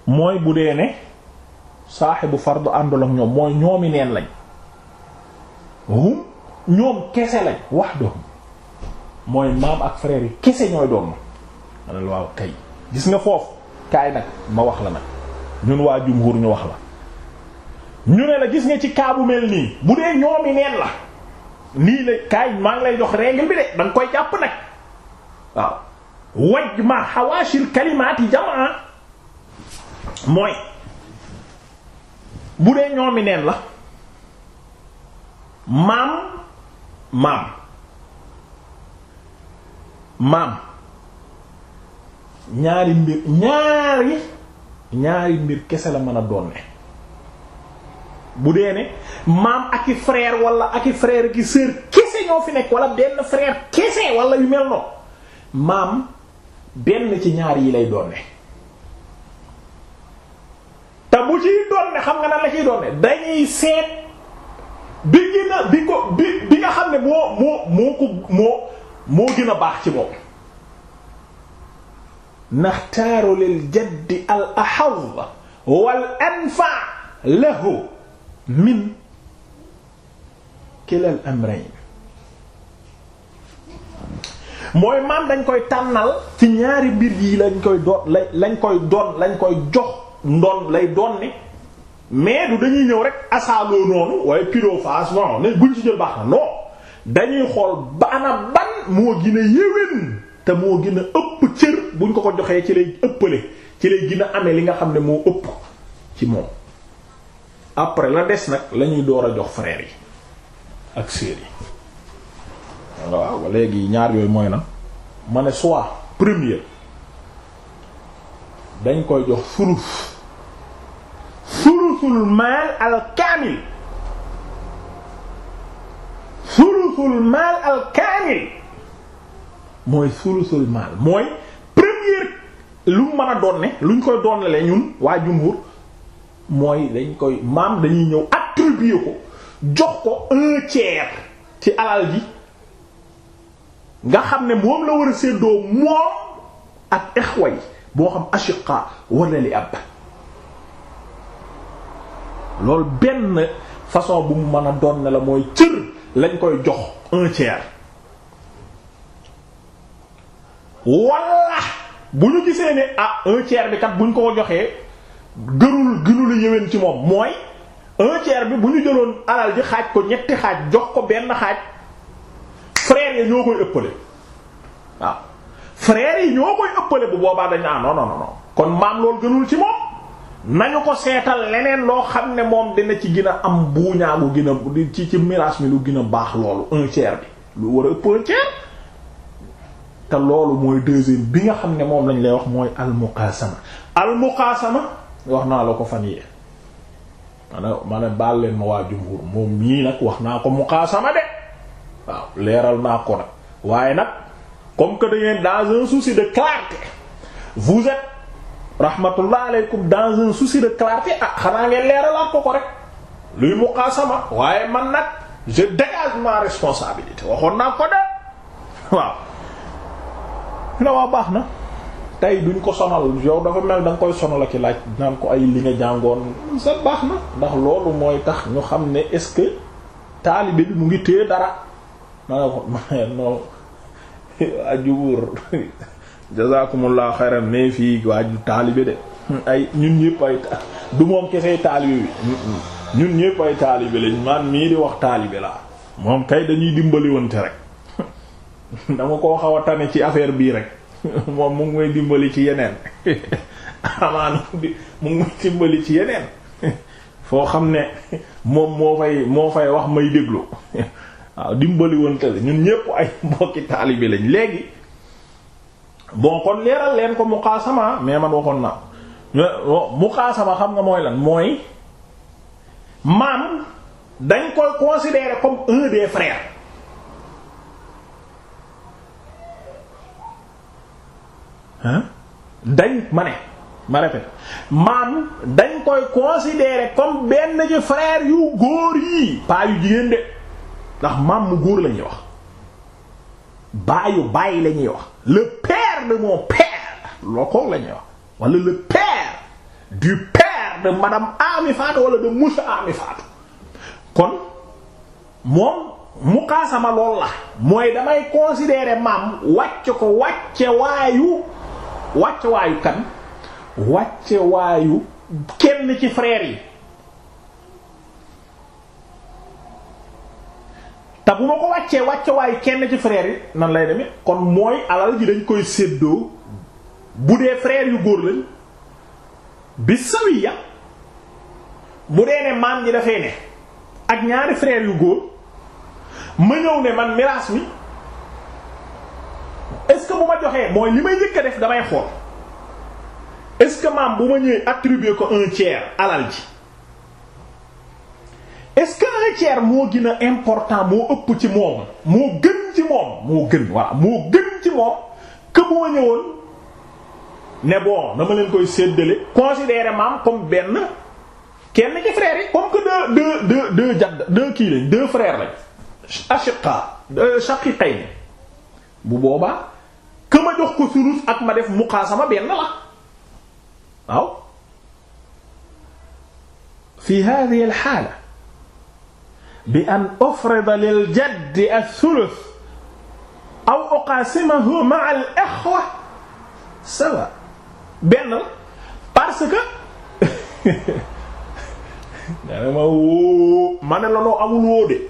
mooy bu dee ne saaxibu fard àndul ak ñoom mooy ñoomi neen lañ hum ñoom kese lañ wax doom mooy maam ak frère yi kese ñooy doom ma ne waaw kay gis nga foofu kaay nag ma wax la nag ñun waa jumhur ñu wax la ñu ne la gis nga ci kaabu mel nii bu dee ñoomi neen la nii la kaay maa ngi lay jox règle bi koy jàpp nag waaw waj ma xawaashil kalimaati jamaa mooy bu dee ñoomi neen la maam maam maam ñaari mbir ñaari ñaari mbir kese la mën a doon bu dee ne maam ak i frère wala ak i frère ki sœur kese ñoo fi nekk wala benn frère kese wala yu mel noonu maam benn ci ñaar yi lay doon ne ciy doon xam nga nan la ciy doon dañuy seet bi gën a bi ko bi bi nga xam ne moo moo moo ko moo moo gën a baax ci moom naxtaaru lil jaddi al ahad wal anfa lahu min kilal amrayn mooy maam dañ koy tànnal ci ñaari mbir yi lañ koy doon lañ koy doon lañ koy jox ndoon lay doon ni mais du dañuy ñëw rek asaaloo noonu waaye pyrophase non ne buñ ci jël baax na non dañuy xool baana ban moo gën a yéwén te moo gën a ëpp cër buñ ko ko joxee ci lay ëppale ci lay gën a amee li nga xam ne moo ëpp ci moom après la des nag lañuy door a jox frères yi ak sœurs yi waaw léegi ñaar yooyu mooy na ma ne soit première dañ koy jox sulus thuluthul maal al kaamil maal al mooy thuluthul maal mooy première lu mën a doon ne luñ koy doonale ñun waa jumhur mooy dañ koy maam dañuy ñëw attribuer ko jox ko un ci alal ji nga xam ne moom la war a séddoo moom ak ixwa yi boo xam ashiqa wala li ab loolu benn façon bu mu mën a doon la mooy cër lañ koy jox un tiers walla bu ñu gisee ne ah un tiers bi kat bu ñu ko joxee gërul gënula yéwén ci moom mooy un tiers bi bu ñu jëloon alal ji xaaj ko ñetti xaaj jox ko benn xaaj frère yi ñoo koy ëppale waaw frère yi ñoo koy ëppale bu boobaa dañ ah non non kon maam loolu gënul ci moom nañu ko seetal leneen loo xam ne moom dina ci gën a am gina bu a ci ci miraas mi lu gën a baax loolu un tiers bi lu war a ëpp un te loolu mooy deuxième bi nga xam ne moom lañ lay wax mooy almuqaasama almuqaasama wax naa la ko fan yee mana ma ne baal leen ma waa jumhur moom mii nag wax naa ko muqaasama de waaw leeral naa ko nag waaye nag comme que da dans un souci de clarté vous rahmatullah aleykum dans un souci clarté ah xanaa ngeen leeralaat ko ko rek luy muqaasama waaye man nag je dégage ma responsabilité waxoon naa ko de waaw na waa baax na tey duñ ko sonal yow dafa mel da nga koy sonal ak laaj naan ko ay li nga jàngoon sa baax na ndax loolu mooy tax ñu xam ne est-ce que taalibe bi mu ngi téye dara ma ne ko ajubuur jazakumullah xayran mais fii waaju taalibe de ay ñun ñëpp ay du moom kesey taalibe bi ñun ñëpp ay taalibe lañ man mii di wax taalibe laa moom kay dañuy dimbaliwonte rek dama koo xaw a tane ci affaire bii rek moom mu ngi dimbali ci yeneen amaana mu ngi dimbali ci yeneen foo xam ne moom moo fay moo fay wax may déglu waaw dimbali woon te ñun ñëpp ay mbokki taalibe lañ léegi bon kon leeral leen ko muqaasama mais man waxoon naa muqaasama xam nga mooy lan mooy maam dañ koy considérer comme un des frères hein dañ ma ne ma répète maam dañ koy considérer comme benn ci frère yu góor yi pas yu jigéen de ndax maam mu góor la ñuy wax baayu baay la ñuy wax père de mon père loo ko la ñuy wax wala le père du père de madame Ami Fatou wala de monsieur Ami Fatou kon moom mukaasama lool la mooy damay considérer maam wàcce ko wàcce waayu wàcce waayu kan wàcce waayu kenn ci frère yi te bu ma ko wàccee wàcce kenn ci frère yi nan lay demee kon mooy alal ji dañ koy séddoo bu dee frère yu góor lañ bi sawiya bu dee ne maam ji dafay ne ak ñaari frère yu góor ma ñëw ne man miraas mi est-ce que bu ma joxee mooy li may njëkk def damay xool est-ce que maam bu ma ñëwee attribuer ko un tiers alal ji est-ce que un tiers moo gën important moo ëpp ci moom moo gën ci moom moo gën voilà moo gën ci moom que moo ne bon dama leen koy seddale considéré maam comme benn kenn ci frères yi comme que deux deux deux jadd deux kii lañ deux frères lañ euh, bu boobaa que ma jox ko surus ak ma def muqaasama benn la waaw fi hadhihi bi an ufrida lil jaddi ath-thuluth aw uqasimahu ma'a al-ikhwa sawa benn parce que dana ma wóo ma ne la amul wóo de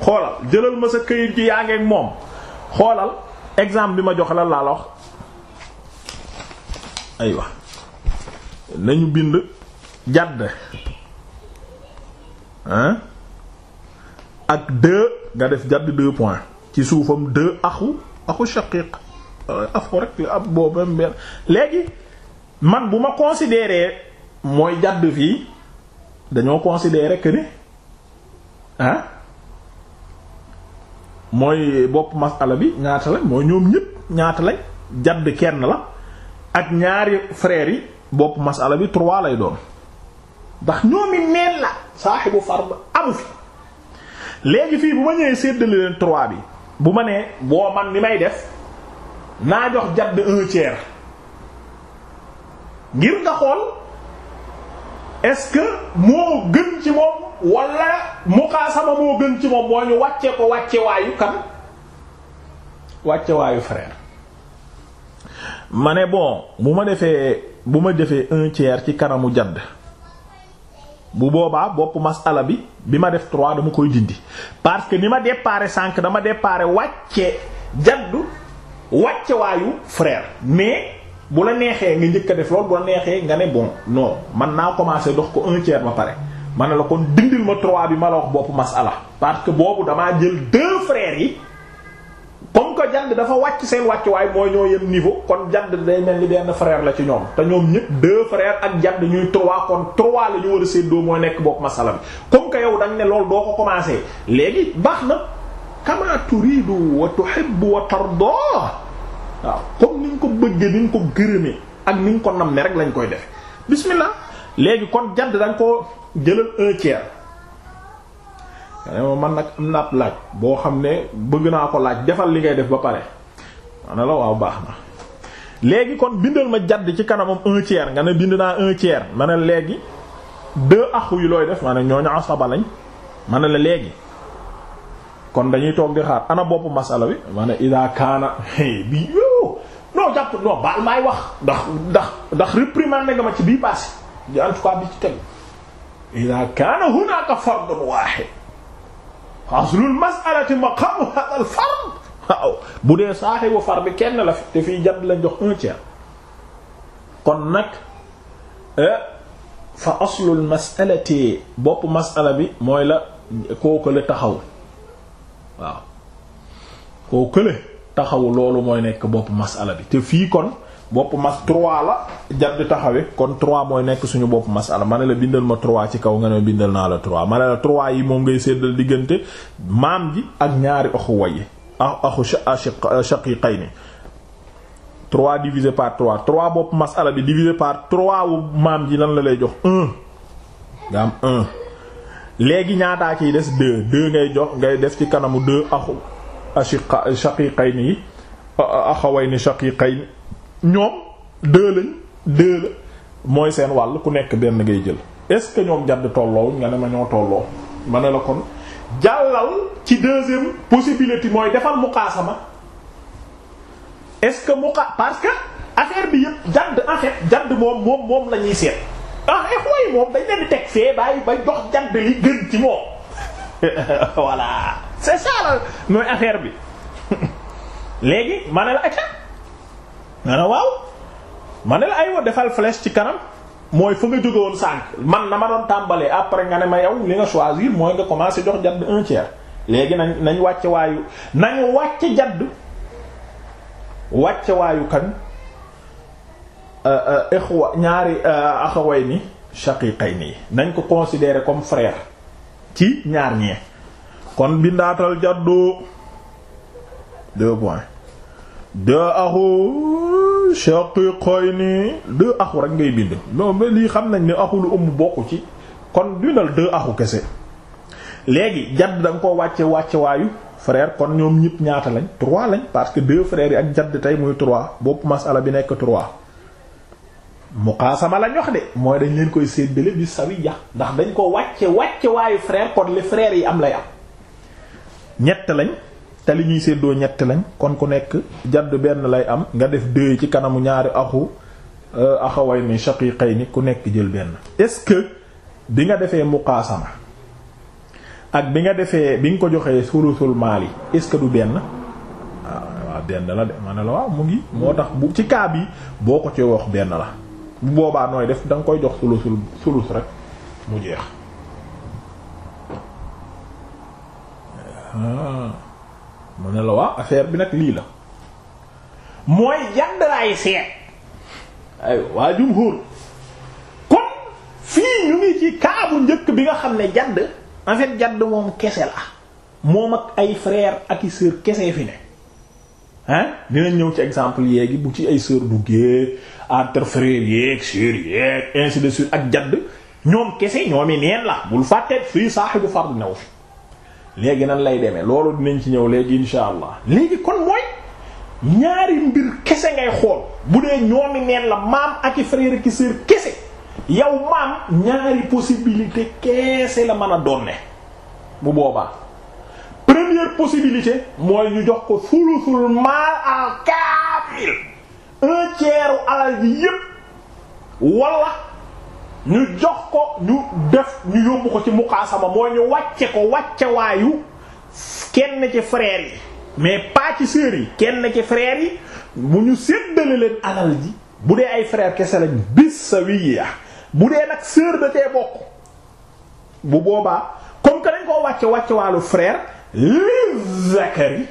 xoolal jëlal ma sa këyit gi yaa ngeeg moom xoolal exemple bi ma jox la laa la nañu bind jadd ak deux nga def jadd deux point ci suufam deux axu axu shaqiq euh, af ko ab boobu benn léegi man bu ma considérer mooy jadd fii dañoo considérer que ni ah mooy bopp masala bi ñaata lañ mooy ñoom ñëpp ñaata lañ jadd kenn la ak ñaari frères yi bopp masala bi trois lay doon ndax ñoomi neen la saaxibu fard amu fi léegi fii bu ma ñëwee séddale leen trois bi bu ma nee boo man ni may def naa jox jadd un tiers ngir nga xool est-ce que moo gën ci moom wala mukaasama moo gën ci moom moo ñu wàcce ko wàcce waayu kan wàcce waayu frère ma ne bon bu ma defee bu ma defee un ci kanamu jadd bu boobaa bopp masala bi bi ma def trois dama koy dindi parce que ni ma déparé cinq dama déparé wàcce jaddu wàcce waayu frère mais bu la neexee nga njëkk a def loolu bu la neexee nga ne bon non man naa commencé dox ko un tiers ma pare ma ne la kon dindil ma trois bi ma la wax bopp masala parce que boobu damaa jël deux frères yi ko jadd dafa wàcc seen wàcc wàccuwaay mooy ñoo yem niveau kon jadd day mel ni benn frère la ci ñoom te ñoom ñëpp deux frères ak jadd ñuy trois kon trois la ñu war a séddoo mooy nekk bopp masala bi comme que yow dañ ne loolu doo ko commencé léegi baax na kama turidu wa tuhibbu wa tarda waaw comme ni ñu ko bëggee ni ñu ko gërëmee ak ni ñu ko nam ne rek lañ koy defe bismillah léegi kon jadd dañ ko jëlal un tiers ma man nag am na laaj boo xam ne bëgg naa ko laaj defal li ngay def ba pare ma ne la waaw baax na léegi kon bindal ma jadd ci kanamam un tiers nga ne bind naa un tiers ma ne léegi deux axu yi looy def ma ne ñooñu asaba lañ ma ne la léegi kon dañuy toog di xaar ana bopp masala bi ma ne ida kaana bi yo non jàpp non baal maay wax ndax ndax ndax réprimander nga ma ci bii passé en tout bi ci teg ida kaana hunaka fardun wahid aslul mas'alati maqamu hadha al fard waaw bu dee saaxibu fard bi kenn la fi te fii jadd lañ jox un tiers kon nag eh, fa aslul mas'alati bopp mas'ala bi mooy la koo kële taxaw waaw koo kële taxaw loolu mooy nekk bopp mas'ala bi te fii kon bopp mas 3 la jadd taxawe kon 3 mooy nekk suñu bopp masala ma ne la bindal ma 3 ci kaw nga ne bindal naa la 3 ma ne la 3 yi moom ngay séddal diggante maam ji ak ñaari axuwa yi axu ah, ah, ah, shaqiqayni 3 divisé par trois 3 bopp masala bi divisé par trois wu maam ji lan la lay jox 1 nga am 1 léegi ñaataa ciy des 2 2 ngay jox ngay def ci kanamu 2 axu shaqiqayni yi axawayni shaqiqayni ñoom deux lañ deux mooy seen wàll ku nekk benn ngay jël est-ce que ñoom jadd tolloowuñ nga ne ma ñoo tolloo ma ne la kon jàllal ci deuxième possibilité mooy defal muqaasama est-ce que muqa parce que affaire bi yëpp jadd en fait jadd moom moom moom la seet ah xooy eh, moom dañ leen di teg fee ba jox jadd li gën ci moom voilà c'est ça la mooy affaire bi léegi ma ne la acca nga ne waaw ma ne ay aywa defal flèche ci kanam mooy fu nga jóge woon sànq man na ma doon tàmbalee après nga ne ma yow li nga choisir mooy nga commencer jox jadd un tiers léegi nañ nañ wàcce waayu nañu wàcce jadd wàcce waayu kan euh, euh, ixwa ñaari euh, axaway ni shaqiqay nii nañ ko considérer comme frère ci ñaar ñee kon bindaatal jaddu deux points deux axu shaqiqayni deux axu rek ngay bind non ba lii xam nañ ne axu lu ëmb bokku ci kon bindal deux axu kese léegi jadd da nga ko wàcce wàcce waayu frère kon ñoom ñëpp ñaata lañ trois lañ parce que deux frères yi ak jadd tey muy trois bopp masala bi nekk trois muqaasama lañ wax de mooy dañ leen koy séddale bi sawiya ndax dañ ko wàcce wàcce waayu frère kon li frère yi am lay am ñett lañ te li ñuy séddoo ñetti lañ kon ku nekk jadd benn lay am nga def deux ci kanamu ñaari axu euh, axaway ni shaqiqay ni ku nekk jël benn est-ce que bi nga defee muqaasama ak bi nga defee bi nga ko joxee sulusul maali est-ce que du benn ah, waaw benn la de ma la waaw mu ngi moo tax bu ci cas bi boo ko ci wax benn la bu boobaa nooy def danga koy jox sulusul sulus rek mu jeex ah. mu ne la waa affaire bi nag lii la mooy yàgg laay seet ay waa jumhur kon fii ñu ngi ci kaabu njëkk bi nga xam ne jadd en fait jadd moom kese la moom ak ay frère ak i sœur kese fi ne hein dinañ ñëw ci exemple yéegi bu ci ay sœur duggee entre frère yeeg sœur yeeg ainsi de suite ak jadd ñoom kese ñoomi neen la bul fàtte fii saaxibu fardu new fi léegi nan lay demee loolu dinañ ci ñëw léegi insha allah léegi kon mooy ñaari mbir kese ngay xool bu dee ñoomi neen la maam ak i frère ak i sœur kese yow maam ñaari possibilité kese la mën a donne bu boobaa première possibilité mooy ñu jox ko sulusul maal al kaamil un alal ji yépp wala ñu jox ko ñu def ñu yóbbu ko ci mukaasama mooy ñu wàcce ko wàcce waayu kenn ci frère yi mais pas ci sœurs yi kenn ci frère yi bu ñu séddale leen alal ji bu dee ay frère kese lañ bis sa wiya ah. bu dee nag sœur da tee bokk bu boobaa comme ko dañ koo wàcce wàcce waalu frère li zakari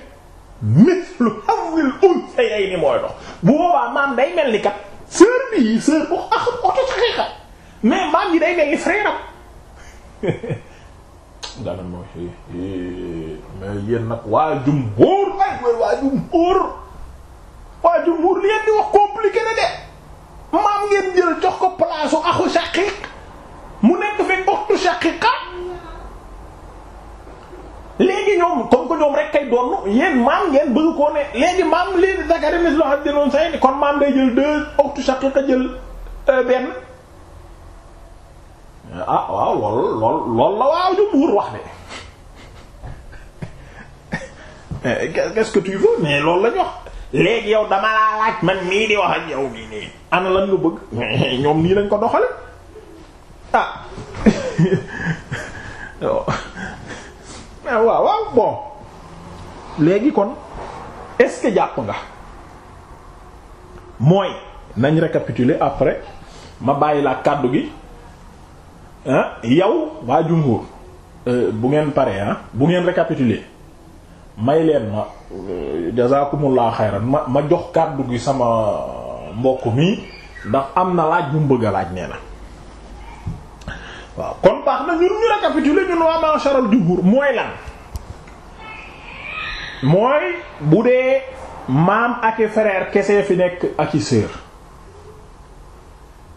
mithlu hazzil unsayayni mooy dox bu boobaa maam day mel ni kat sœur bi sœur bu axam oto saxeexa mais maam yi day mel ni frère am nga ne mooy mais yéen nag waa jumhur waa jumhur waa jumhur li ngeen di wax compliqué na de maam ngeen jël jox ko place u axu mu nekk fi uxtu shaqiqa léegi ñoom comme que ñoom rek kay doon yéen maam ngeen bëgg koo ne léegi maam lii di Zakari mislu haddi noonu say kon maam day jël deux uxtu shaqiqa jël euh, benn ne ah waaw lool lool la waaw jumhuur wax de quest que tu veux mais loolu la ñu wax léegi yow dama laa laaj man mii di wax ak yow mii nii ana lan lu bëgg ñoom nii lañ ko doxale ah. Oh. ah waaw waaw bon léegi kon est-ce que jàpp nga mooy nañ récapituler après ma bàyyi laa kàddu gi Ah, yow waa jumhur euh, bu ngeen pare ah, bu ngeen récapituler may leen ma euh, jazakumullah xayran ma ma jox kàddu gi sama mbokk mi ndax am na laaj bu mu bëgg laaj nee na waaw kon baax na ñun ñu récapituler ñun waa masharal jumhur mooy lan mooy bu dee maam ak i frère kese fi nekk ak i sœur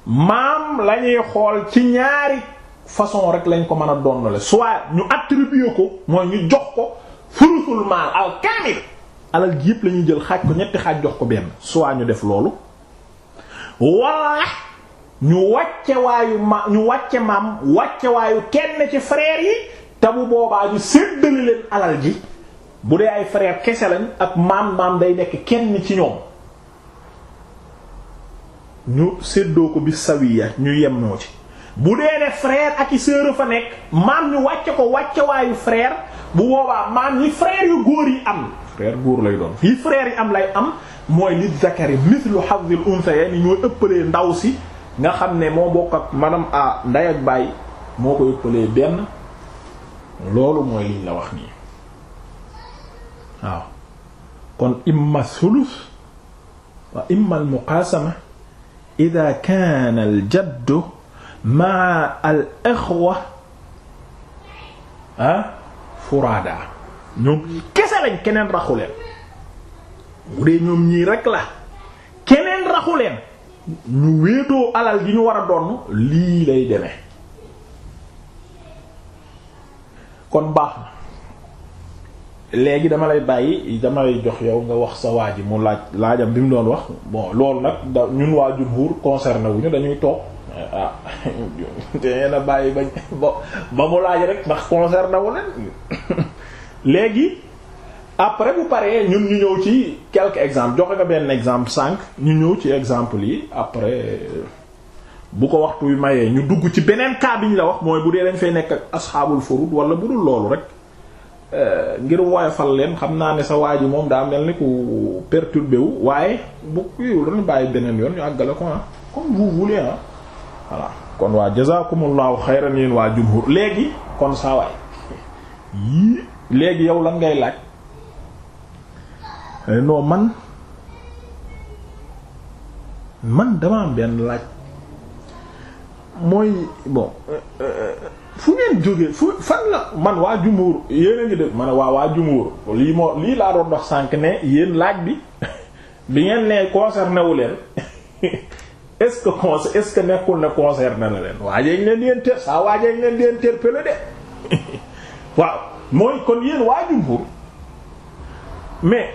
maam lañuy xool ci ñaari façon rek lañ ko mën a donnale soit ñu attribuer ko mooy ñu jox ko furusul maal al kaamil alal ji yëpp lañuy jël xaaj ko ñetti xaaj jox ko benn soit ñu def loolu wala ñu wàcce waayu ma ñu wàcce maam wàcce waayu kenn ci frère yi te bu boobaa ñu séddale leen alal ji bu dee ay frère kese lañ ak maam maam day nekk kenn ci ñoom ñu séddoo ko bi sawiya ñu yemnoo ci bu dee ne frère ak i sœur fa nekk maam ñu wàcce ko wàcce waayu frère bu boobaa maam yi frère yu góor yi am frère góor lay doon fii frère yi am lay am mooy li zakari mithlu hazzil unsayayni ñooy ëppalee ndaw si nga xam ne moo bokk ak maanaam benn loolu mooy liñ la wax nii waaw kon imma sulus wa imma al ida kaana al ma al ixwa ah furaada ñoom kese lañ keneen raxu leen bu dee ñoom ñii rek la keneen raxu ñu wéetoo alal yi ñu war a donn lii lay demee kon baax na léegi dama lay bàyyi dama lay jox yow nga wax sa waa ji mu laaj laajam bi mu doon wax bo loolu nag da ñun waa jumhur concerné wu ñu dañuy toog ah te nee bàyyi bañ ba ba mu laaj rek ndax concerné wu leen léegi après bu paree ñun ñu ñëw ci quelque exemple joxe nga benn exemple cinq ñu ñëw ci exemple yi après bu ko waxtu mayee ñu dugg ci beneen cas bi ñu la wax mooy bu dee dañ fay nekk ak asxaabul furud wala bu dul loolu rek euh, ngir woyofal leen xam naa ne sa waa ji moom daa mel ni ku perturbé wu waaye bu kii lu bàyyi beneen yoon ñu àggale ko ah comme vous voulez ah. voilà kon waa jazakumullahu xayran yéen waa jumhur léegi kon saawaay yii léegi yow lan ngay laaj eh, non man man dama am benn laaj mooy bon eh, eh, fu ngeen jógee fu fan la man waa jumhur yéen a ngi def man waa waa jumhur lii moo lii laa doon dox sànq ne yéen laaj bi bi ngeen ne concerné wu leen est-ce que conse est-ce que nekkul ne concerné na leen waajeeg leen di inter saa waajeeg leen di interpeller de waaw mooy kon yéen waa jumhur mais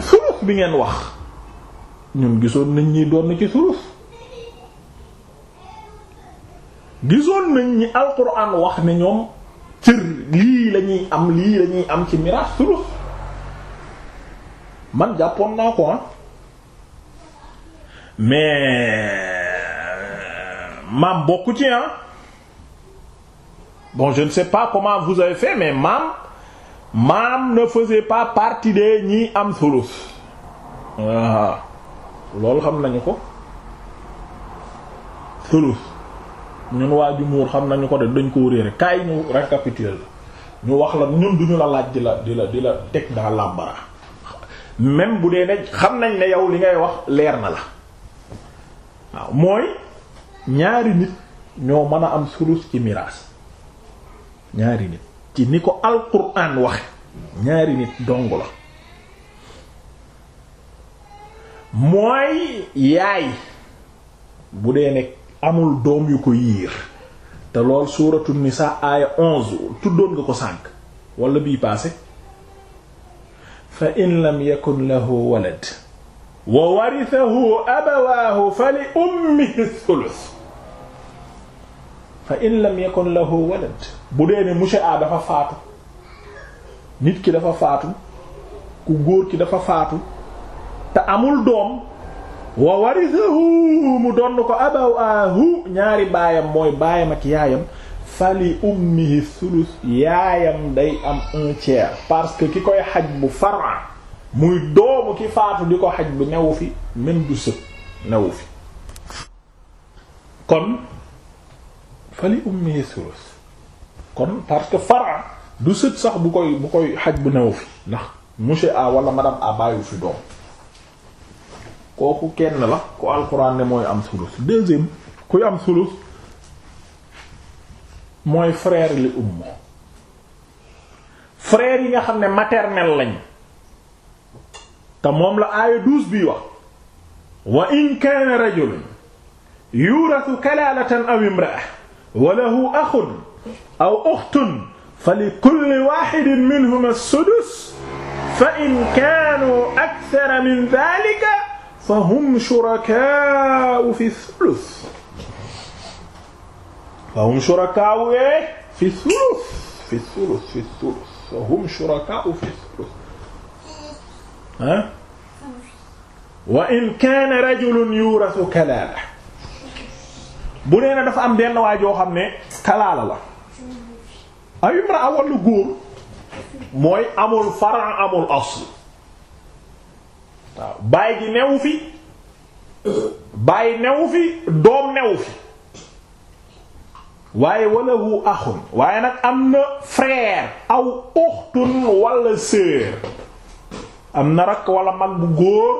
suruf bi ngeen wax ñoom gisoon nañ ñi doon na ci suruf gisoon nañ ñi alquran wax ne ñoom cër lii la am lii la am ci miraas suruf man jàppoon naa ko ah mais euh, maam bokku ci ah bon je ne sais pas comment vous avez fait mais maam maam ne faisait pas partie des ñi am thuluth waaw loolu xam nañu ko thuluth ñun waa jumuur xam nañu ko de dañ ko réere kaay ñu récapitule ñu wax la ñun duñu la laaj di la di la di la teg ndaa làmbara même bu dee ne xam nañ ne yow li ngay wax leer na la waaw mooy ñaari nit ñoo mën a am sulus ci miraas ñaari nit ci ni ko alquran waxe ñaari nit dong la mooy yaay bu dee ne amul doom yu ko yiir te lool suuratu nisa aaya onze tuddoon nga ko sànk walla bii paase fa in lam yakun lahu walad wa warisahu abawaahu fa li ummihi sulus fa in lam yakun lahu walad bu dee ne monsieur A dafa faatu nit ki dafa faatu ku góor ki dafa faatu te amul doom wa warisahu mu donn ko abawaahu ñaari baayam mooy baayam ak yaayam fa li yaayam day am un tiers parce que ki koy xaj bu fara muy doomu ki faatu di ko xaj bu newu fi même du sëb newu fi kon fali ummi sulus kon parce que fara du sët sax bu koy bu koy xaj bu newu fi ndax monsieur a wala madame a bàyyu fi doom kooku kenn la ko alxuraan ne mooy am sulus deuxième kuy am sulus mooy frère li ummu frère yi nga xam ne maternel lañ te moom la aaya douze bii wax wa in kaana rajulun yurathu kalaalatan aw imra'a wa lahu axun aw uxtun fa li kulli waaxidin minhuma sudus fa in kaanuu akthara min dhaalika fa hum shurakaa'u fi thuluth fa hum shurakaa'u eh, fi thuluth fi thuluth fi thuluth fa hum shurakaa'u fi thuluth ah wa in kaana bu nee na dafa am benn waay joo xam ne kalaala la ay imraa walla góor mooy amul fara amul asl baay gi newu fi baay newu fi doom newu fi waaye wala wu axun waaye nag am na frère aw uxtun wala sœur am na rakk wala man bu góor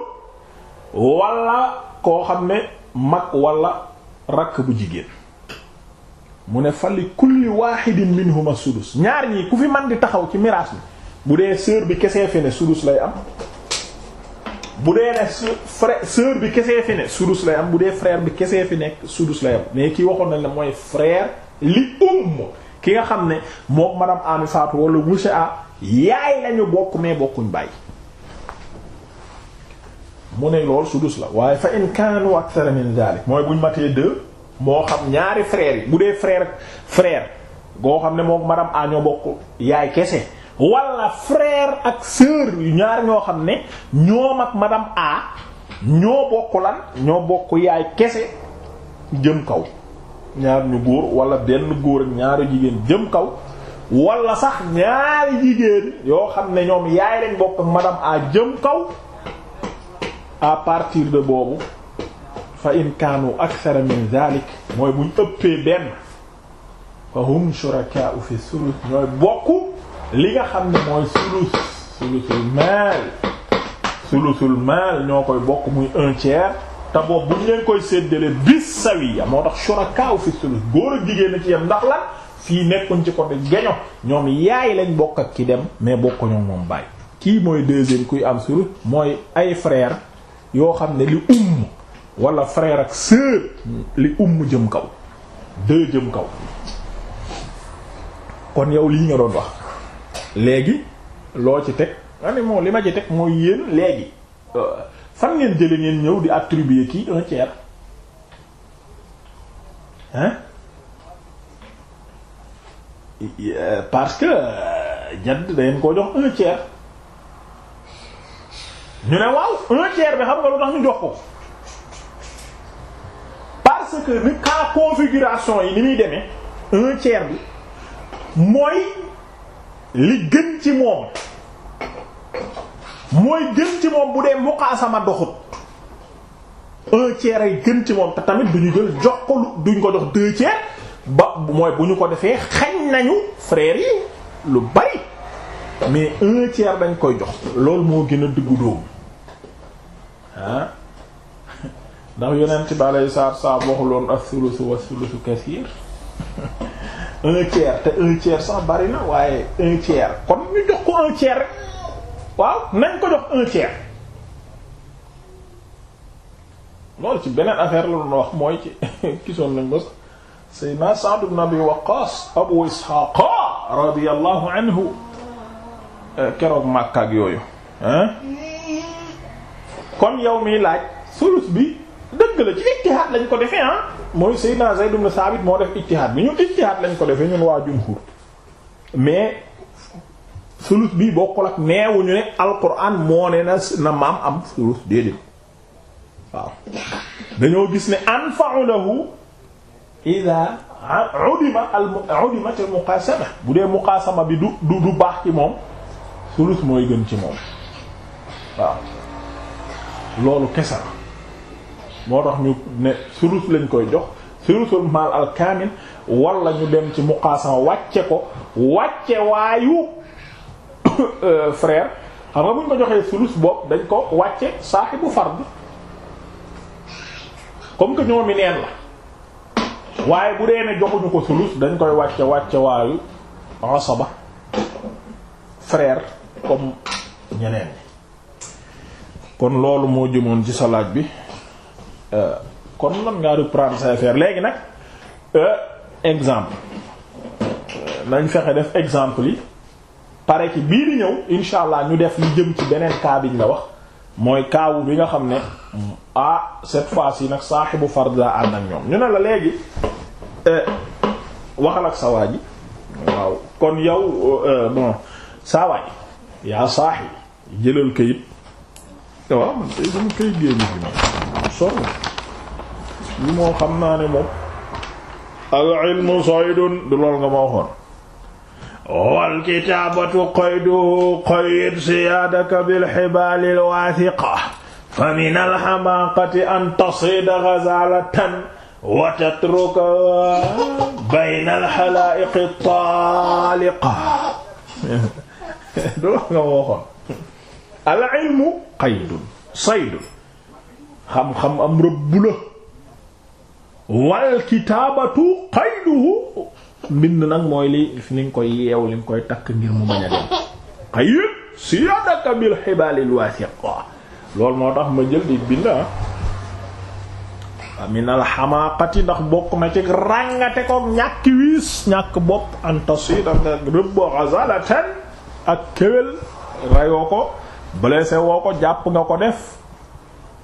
wala koo xam ne mag wala rakk bu jigéen mu ne fali kulli wahidin minhuma sudus ñaar ñi ku fi man di taxaw ci miraas mi bu dee sœur bi kesee fi ne sudus lay am bu dee ne bi kesee fi ne sudus lay am bu dee frère bi kesee fi nekk sudus lay am mais kii waxoon nañ ne mooy frère li umm ki nga xam ne moom madame ami faatu wala monsieur a yaay lañu bokk mais bokkuñ bàyyi mu ne lool sudus la waaye fa in kaanu akthar min zalik mooy buñ matee deux moo xam ñaari frères yi bu dee frère frère goo xam ne moom madame a bokk yaay kese wala frère ak sœur yu ñaar ñoo xam ne ñoom ak madame a ñoo bokk lan ñoo bokk yaay kese jëm kaw ñaar ñu góor wala benn góor ak ñaari jigéen jëm kaw wala sax ñaari jigéen yoo xam ne ñoom yaay lañ bokk ak madame a jëm kaw à partir de boobu fa in ak akthara min dhalik mooy buñ ëppee benn fa hum shurakaa'u fi sulus ñooy bokk li nga xam ne mooy sulus sulusul maal sulusul maal ñoo koy bokk muy un tiers te boobu buñ leen koy séddale bis sawiya moo tax shurakaa'u fi sulus góor ak jigéen a ci ndax la fii nekkuñ ci ko geño ñoom yaay lañ bokk ak ki dem mais bokkuñu moom bàyyi kii mooy deuxième kuy am sulus mooy ay frère yoo xam ne li umm wala frère ak sœur li umm jëm kaw deux jëm kaw kon yow lii nga doon wax léegi loo ci teg nga ne moom li ma ci teg mooy yéen léegi euh, fan ngeen jële ngeen ñëw di attribuer kii un tiers euh, parce que jadd dañ ko jox un ñu ne waaw un tiers bi xam nga lu tax ñu jox ko parce que ni cas configuration yi ni muy demee un bi mooy li gën ci moom mooy gën ci moom bu dee muqaasama doxut un tiers ay gën ci moom te tamit duñu jël jox ko duñ ko jox deux ba mooy bu ñu ko defee xañ nañu frères yi lu bari mais un dañ koy jox loolu moo gën a diggu dóomu ah ndax yonent bi aleyhi salaatu salaam waxuloon as-sulusu was-sulusu kasiir un te un tiers sax bari waaye un tiers kon ñu jox ko un tiers waaw nañ ko jox un tiers loolu ci beneen affaire la doon wax mooy ci gisoon nañ ko sax Seydina Sa'd Abi Waqqas Abu Ishaq radiyallahu anhu eh, keroog Makka yooyu hein eh? kon yow miy laaj sulus bi dëgg la ci ijtihaad lañ ko defee ah mooy Seydina Zayd ibn Saabit moo def ijtihaad bi ñun ijtihaad lañ ko defee ñun waa jumhur mais sulus bi bokkul ak neewuñu ne alquran moo ne na na maam am sulus déedéet waaw dañoo gis ne anfa'u lahu ida udima al udimat al muqaasama bu dee muqaasama bi du du baax ci moom sulus mooy gën ci moom waaw loolu kese la moo tax ñu ne surus lañ koy jox surusul mal al kaamil ñu dem ci muqaasam wàcce ko wàcce waayu frère xam nga buñ ko joxee sulus boobu dañ ko wàcce saaxibu fard comme que ñoomi neen la waaye bu dee ne joxuñu ko sulus dañ koy wàcce wàcce waayu asaba frère comme ñeneen kon loolu moo jëmoon ci sa laaj bi euh, kon lan ngaa reprendre sa affaire léegi nag euh, exemple euh, nañ fexe def exemple yi pare ci bii di ñëw incha allah ñu def li jëm ci beneen cas biñ la wax mooy kaawu bi nga xam ne ah cette fois yi nag saaxibu fard la ànd ak ñoom ñu ne la léegi waxal ak sa waa ji waaw kon yow bon saa yaa saaxib jëlal këyit te waaw man tey sama këyit gee ngi fi moom solo li moo xam naa ne moom al ilmu saydun du lool nga ma waxoon wal kitaabatu qayduhu qayyid siyaadaka bil xibaali al waathiqa fa min al xamaaqati an tasida ghazalatan wa tatruka bayna al xalaa'iq at taaliqa du lool nga ma waxoon al ilmu qaydun saydun xam-xam am rëbb la wal kitaabatu qayduhu mbind nag mooy li ni nga koy yeew li koy takk ngir mu bañ a dem qayd siyadaka bil xibaalil waasiqa loolu moo tax ma jël di bind ah. min al xamaaqati ndax bokk na ci ràngate ko ñàkki wiis ñàkk bopp an tasida nga rëbboo xasalatan ak kéwél rayoo ko blessé woo ko jàpp nga ko def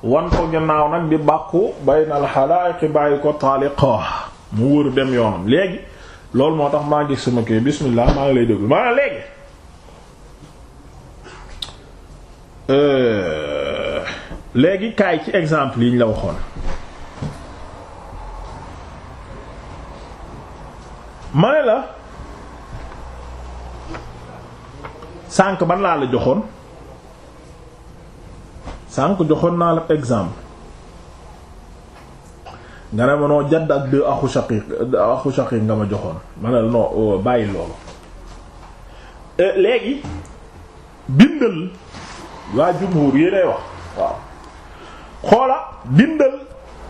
wan ko ginnaaw nag di bàqu baynal xalaaiqi bàyyi ko taaliqa mu wër dem yoonam léegi loolu moo tax maa ngi sama kii bismillah maa ngi lay déglu maa léegi euh, léegi kaay ci exemple yi ñu la waxoon ma ne la sànq ban naa la joxoon sànq joxoon naa la exemple nga ne ma noo jadd ak deux axu shaqiq axu shaqiq nga ma joxoon ma ne la noo euh, bàyyi loolu euh, léegi bindal waa jumhur yi day wax waaw xoola bindal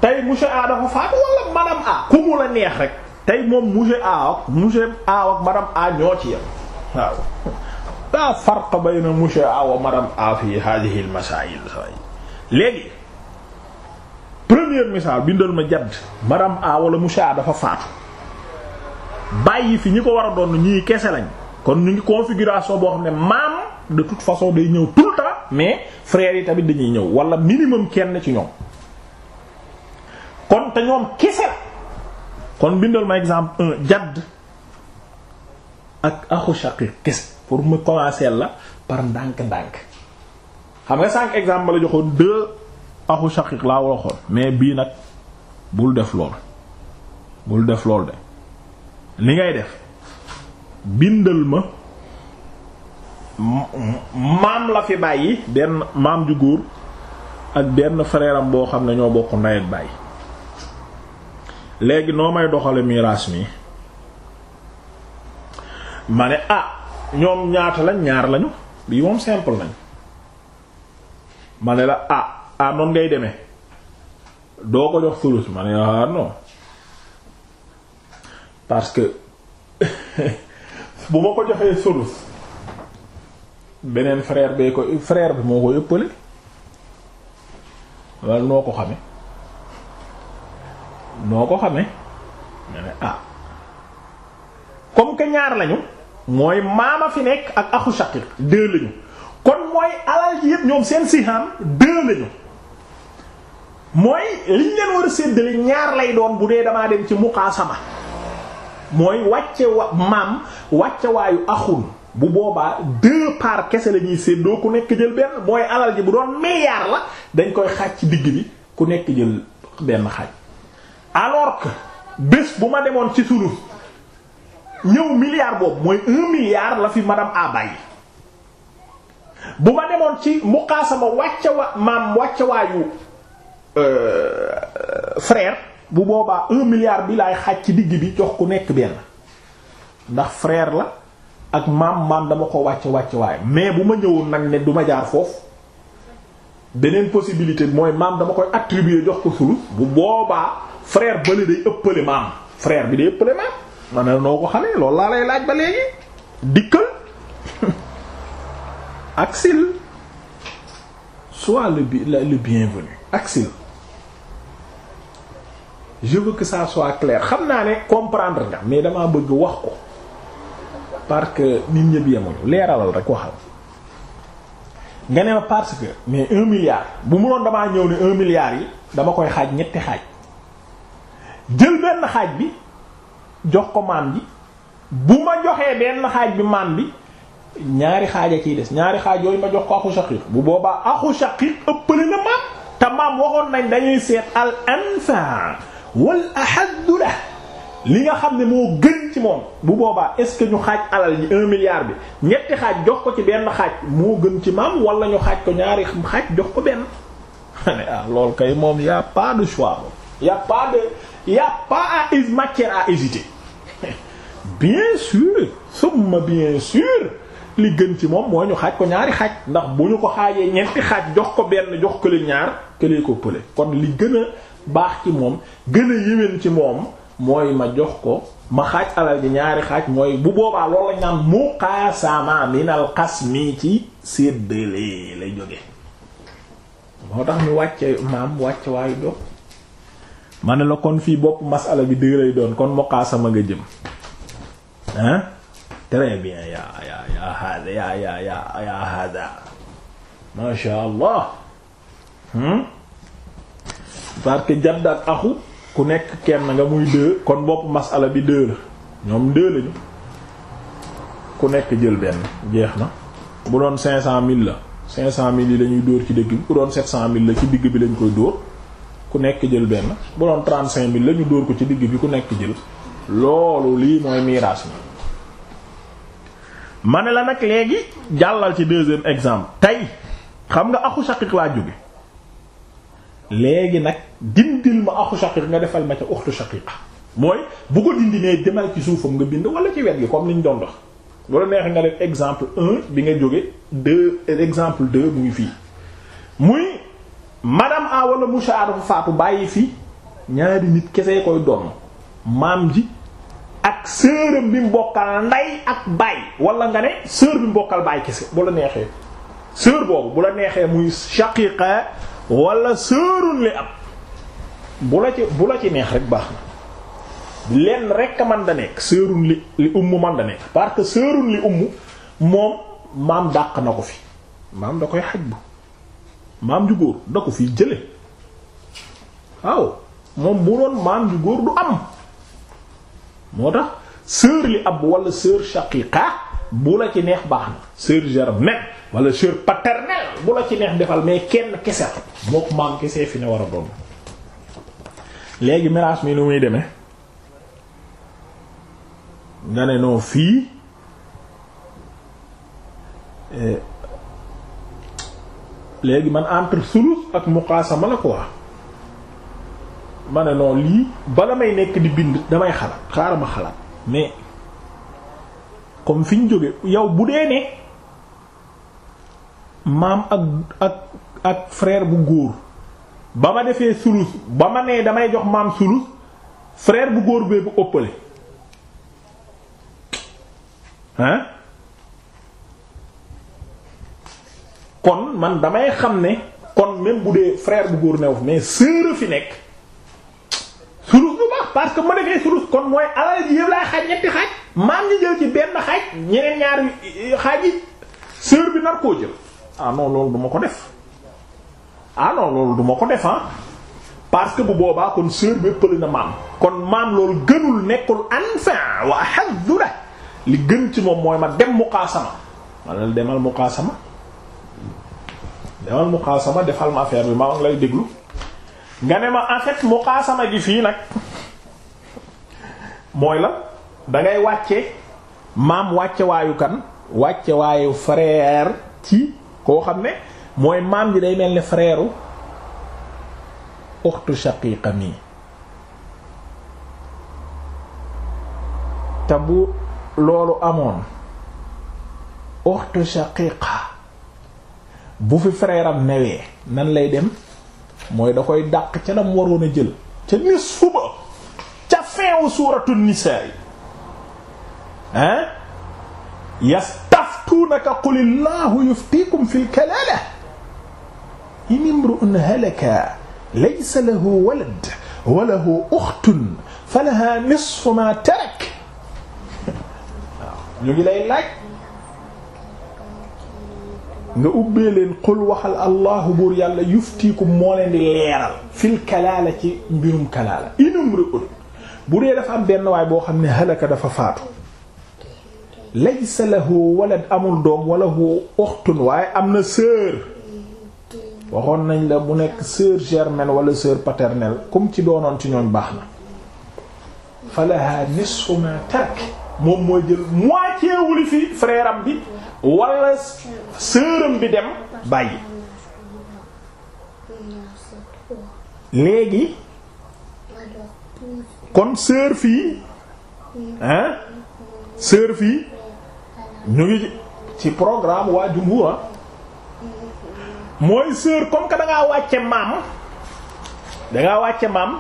tey monsieur A dafa faatu wala madame A ku mu la neex rek tey moom monsieur A ak monsieur A ak madame A ñoo ci yam waaw la farqa bayna A wa madame A fi hadhihi al masail léegi première misaal bindal ma jadd madame wala monsieur A dafa faatu bàyyi fi ñi ko war a doon ñii kese lañ kon ñu ngi configuration boo xam ne maam de toute façon day ñëw tout le mais frères yi tamit dañuy ñëw wala minimum kenn ci ñoom kon te ñoom kese kon bindal ma exemple un ak axu kese pour mu commencer la par ndànk-ndànk xam nga cinq exemple la joxoon axu shaqiq laa waxoon mais bii nag bul def lool bul def lool de li ngay def bindal ma maam la fi bàyyi benn maam ju góor ak benn frère boo xam ne ñoo bokk ndey ak bàyyi léegi noo may doxale miraas mi ma ne ah ñoom ñaata lañ ñaar lañu bii moom simple nañ ma la ah ah noonu ngay demee doo ko jox sulus ma ne ah non parce que bu ma ko joxee sulus beneen frère bee ko frère bi moo ko ëppale walla noo ko xame noo ko xame ma ah comme que ñaar lañu mooy maam a fi nekk ak axu shaqiq deux lañu kon mooy alal ji yépp ñoom seen siham deux lañu mooy liñ leen war a séddale ñaar lay doon bu dee damaa dem ci muqaasama mooy wàcce wa maam wàcce waayu axun bu boobaa deux parts kese la ñuy séddoo ku nekk jël benn mooy alal ji bu doon milliard la dañ koy xaaj ci digg bi ku nekk jël benn xaaj alors que bés bu ma demoon ci sulus ñëw milliard boobu mooy un milliard la fi madame abay bu ma demoon ci muqaasama wàcce wa maam wàcce waayu euh, frère bu boobaa un milliard bi laay xaaj ci digg bi jox ku nekk benn ndax frère la ak maam maam dama ko wàcc wàcce waayu mais bu ma ñëwoon nag ne du ma jaar foofu beneen possibilité mooy maam dama koy attribuer jox ko sulus bu boobaa frère bële day ëppale maam frère bi day ëppale maam ma ne noo ko xamee loolu laa lay laaj ba léegi dikkal aksil sois le le bienvenu aksil je veux que ça soit clair xam naa ne comprendre nga mais damaa bëgg wax ko parce que nit ñëpp yemuñu leeralal rek waxal nga ne ma parce que mais un milliard bu munoon damaa ñëw ne un milliard yi dama koy xaaj ñetti xaaj jël benn xaaj bi jox ko maam ji bu ma joxee benn xaaj bi maam bi ñaari xaaj a ciy des ñaari xaaj yooyu ma jox ko axu shaqiq bu boobaa axu shaqiq ëppale na maam te maam waxoon nañ dañuy seet al anfa wal ahaddu la li nga xam ne moo gën ci moom bu boobaa est-ce que ñu xaaj alal ñi un milliard bi ñetti xaaj jox ko ci benn xaaj moo gën ci maam wala ñu xaaj ko ñaari xaaj jox ko benn ane ah, kay moom y a de choix moom y a pas de y a pas à matière à bien sûr summa bien sûr li gën ci moom mooy ñu xaaj ko ñaari xaaj ndax bu ñu ko xaajee ñeenti xaaj jox ko benn jox ko ñaar këlee ko pële kon li gën a baax ci moom gën a yéwén ci moom mooy ma jox ko ma xaaj alal ji ñaari xaaj mooy bu boobaa loolu lañ naan muqaasama minal qasmi ci séddalee lay jóge moo tax ñu wàcce maam wàcce waayu doom ma ne la kon fii bopp masala bi dëgg lay doon kon muqaasama nga jëm hein très bien ya ya ya hada ya ya ya ya masha allah hmm? parce que jadd ak axu ku nekk kenn nga muy deux kon bopp masala bi deux la ñoom deux lañu ku nekk jël benn jeex na bu doon cinq cent mille la cinq cent mille yi lañuy dóor ci dëkk bi ku doon sept cent mille la ci digg bi lañ koy dóor ku nekk jël benn bu doon trente cinq la ñu dóor ko ci digg bi ku nekk jël loolu lii mooy miraas mi ma ne la nag léegi jàllal ci deuxième exemple tey xam nga axu shaqiq laa jóge léegi nag dindil ma axu shaqiq nga defal ma ca uxtu shaqiqa mooy bu ko dindi nee demal ci suufam nga bind wala ci wet gi comme niñ doon dox wala neex nga def exemple un bi nga jóge deux exemple deux mu fii muy madame a wala monsieur a dafa faatu bàyyi fi ñaari nit kese koy doon maam ji ak sëram bi mu bokkal nday ak baay wala nga ne sër bi mu bokkal baay kese bu la neexee sër boobu bu la neexee muy shaqiqa wala sërun li ab bu la ci bu la ci neex rek baax na lenn rek man da sërun li li man da parce que sërun li umm moom maam dàq na ko fi maam da koy xaj bu maam ju góor da ko fi jële waaw moom bu doon maam ju góor du am moo tax sœur li ab wala sœur shaqiqa bu la ci neex baax na sœur germaine wala sœur paternelle bu la ci neex defal mais kenn kese la moo maam kese fi ne war a doon léegi miraas mi nu muy deme nga ne noo fii eh, léegi man entre sulus ak muqaasama la quoi ma ne non lii bala may nekk di bind damay xalaat xaaral ma xalaat mais comme fi ñu jóge yow bu dee ne maam ak ak ak frère bu góor ba ma defee sulus ba ma nee damay jox maam sulus frère bu góor bee bu ëppale hein kon man damay xam ne kon même bu dee frère bu góor newu mais sœur a fi nekk sulus bu baax parce que ma defee sulus kon mooy alal ji yëpp laay xaaj ñetti xaaj maa ngi jël ci benn xaaj ñeneen ñaari xaaj yi sœur bi nar koo jël ah loolu duma ko def ah loolu duma ko def ah parce que bu boobaa kon sœur bi ëppale na maam kon maam loolu gënul nekkul anfa wa ahaddu la li gën ci moom mooy ma dem muqaasama manal demal muqaasama demal muqaasama defal ma affaire bi maa ngi lay déglu nga ne ma en fait muqaasama gi fii nag mooy la da wàcce maam wàcce waayu kan wàcce waayu frère ci koo xam ne mooy maam ji day mel ni frère u uxtu shaqiqa te bu loolu amoon uxtu shaqiqa bu fi frère newee nan lay dem mooy da koy dàq ca lam waroon a jël ca nisfu ba ca feewu suuratu nisaa yi hein yastaftuunaka qulillaahu yuftiikum fil kalaala in imru'un halaka laysa lahu walad wa lahu ukhtun falahaa nisfu maa tarak waaw ñu ngi lay laaj nga ubbee leen xul waxal allahu buur yàlla yuftiikum moo leen di leeral fil kalaala ci mbirum kalaala inum ri bu dee dafa am benn waay boo xam ne halaka dafa faatu laysa lahu walad amul doom wala hu uxtun waaye am na sœur waxoon nañ la bu nekk sœur germaine wala sœur paternelle comme ci doonoon ci ñooñ baax na falaha nisfu ma tarak moom mooy jël moitié wuli fi frère bi wala sëram bi dem bàyyi léegi kon sœur fii hein sœur fii ñu ngi ci programme waa jumhur mooy sœur comme que da ngaa wàcce maam da ngaa wàcce maam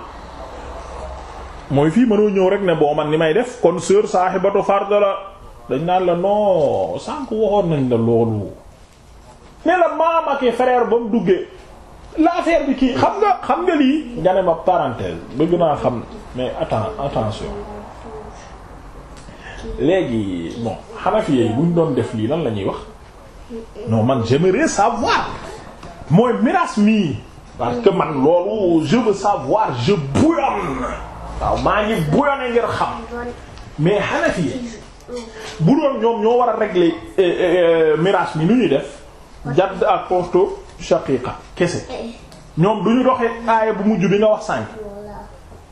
mooy fii mënoo ñëw rek ne boo man ni may def kon sœur saahibatu fard la dañ naan la non sànq waxoon nañ la loolu ne la maam ba mu duggee l'affaire bi kii xam nga xam nga lii nga ne ma parenthèse bëgg naa xam mais atten attention léegi bon Hanafi yi buñ doon def lii lan la ñuy wax non man j'aimerais savoir mooy miraas mii parce que man loolu je veux savoir je bouillonne waaw maa ngi bouillonne ngir xam mais Hanafi yi bu doon ñoom ñoo war a régler eh, eh, eh, miraas mi nu ñuy def jadd ak porto shaqiqa kese ñoom du ñu doxee aaya bu mujj bi nga wax sànk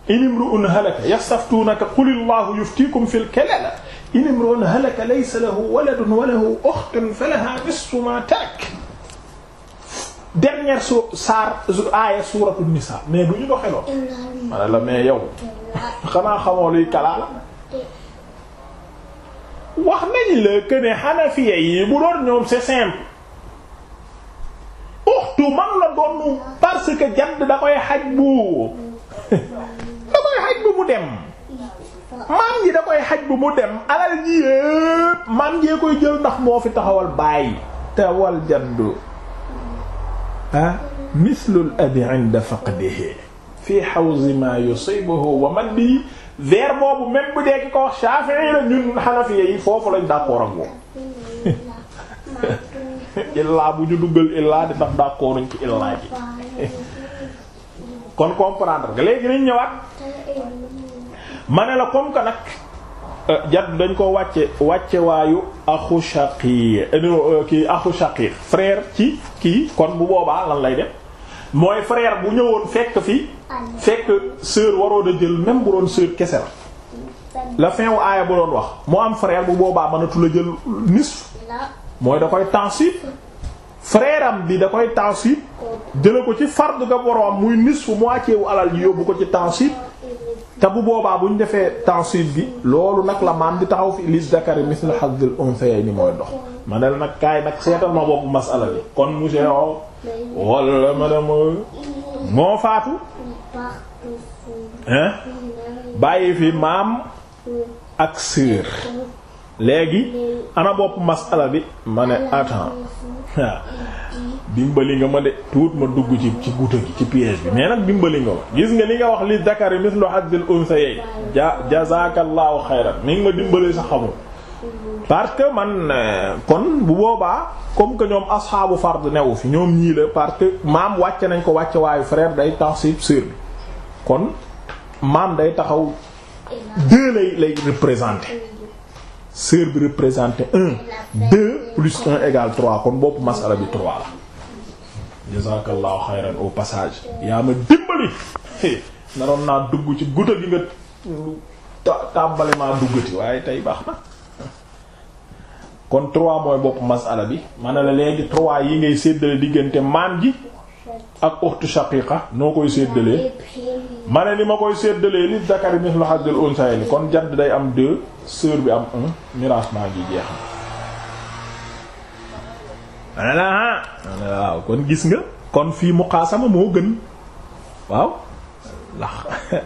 inimru'un halaka yastaftuunaka qulillahu yuftikum fil kalala inimru'un halaka laysa lahu waladun wa lahu ukhtun falaha nisfu ma tarak dernière su saar aaya suuratu nisaa mais du ñu doxee lool. ma ne la mais yow xanaa xamoo kalaala wax nañ la que ne xanafiya yi bu doon ñoom c'est simple uxtu man la doon parce que jadd da koy xaj bu da koy xaj bu mu dem maam ji da koy xaj bu mu dem alal ji yépp maam jee koy jël ndax moo fi taxawal bàyyi tawal jaddu ah mislul abi inda faqdihi fi hawzi ma yusibuhu wa man bi vers boobu même bu dee ki ko wax Shafi'i la ñun Hanafiya yi foofu lañ d'accord ak moom illaa bu ñu duggal illaa di ndax d'accord ci illaa ji kon comprendre nga léegi nañ ñëwaat ma la comme que nag euh, jadd dañ ko wàcce wàcce waayu axu shaqiir euh, euh, kii axu shaqiir frère ci kii kon bu boobaa lan lay def mooy frère bu ñëwoon fekk fi fekk sœur waroon a jël même bu doon sœur kese la la fin wu aaya bu doon wax moo am frère bu boobaa mënatu la jël nisf mooy da koy tansib frère am bi da koy tansib jële ko ci fard ga boroom muy nisf moitié wu alal ji yóbbu ko ci tansib te bu boobaa bu ñu defee tansib bi loolu nag la maam di taxaw fi lis dakari misl hazzil unsayni mooy dox ma ne la nag kaay nag seetal ma boppu masala bi kon monsieur walla madam moo faatu hein bàyyi fi maam ak sœur léegi ana bopp masala bi ma ne attends dimbali nga ma de tuut ma dugg ci ci guta gi ci piège bi mais nag dimbali nga ma gis nga li nga wax li dakari mithlu hadd al unsayay ja jazaakallahu xayran ni nga ma dimbali sa xamul parce que man euh, kon bu boobaa comme que ñoom asxaabu fard newu fi ñoom ñii la parce que maam wàcce nañ ko wàcce waayu frère day tax si bi kon maam day taxaw deux lay lay représenter sœur bi représenter un deux plus un égale trois kon bopp masala bi trois la jazakallahu xayran au passage yaa ma dimbali naroon naa dugg ci guta gi nga tàmbali maa duggati waaye tey baax na kon trois mooy bopp masala bi ma ne la léegi trois yi ngay séddale diggante maam ji ak uxtu shaqiqa noo koy séddalee ma ne ni ma koy séddalee li zakari mithlu hazzil unsayni kon jadd day am deux sœur bi am un miraas maa jeex na ah, waaw kon gis nga kon fii muqaasama moo gën waaw ndax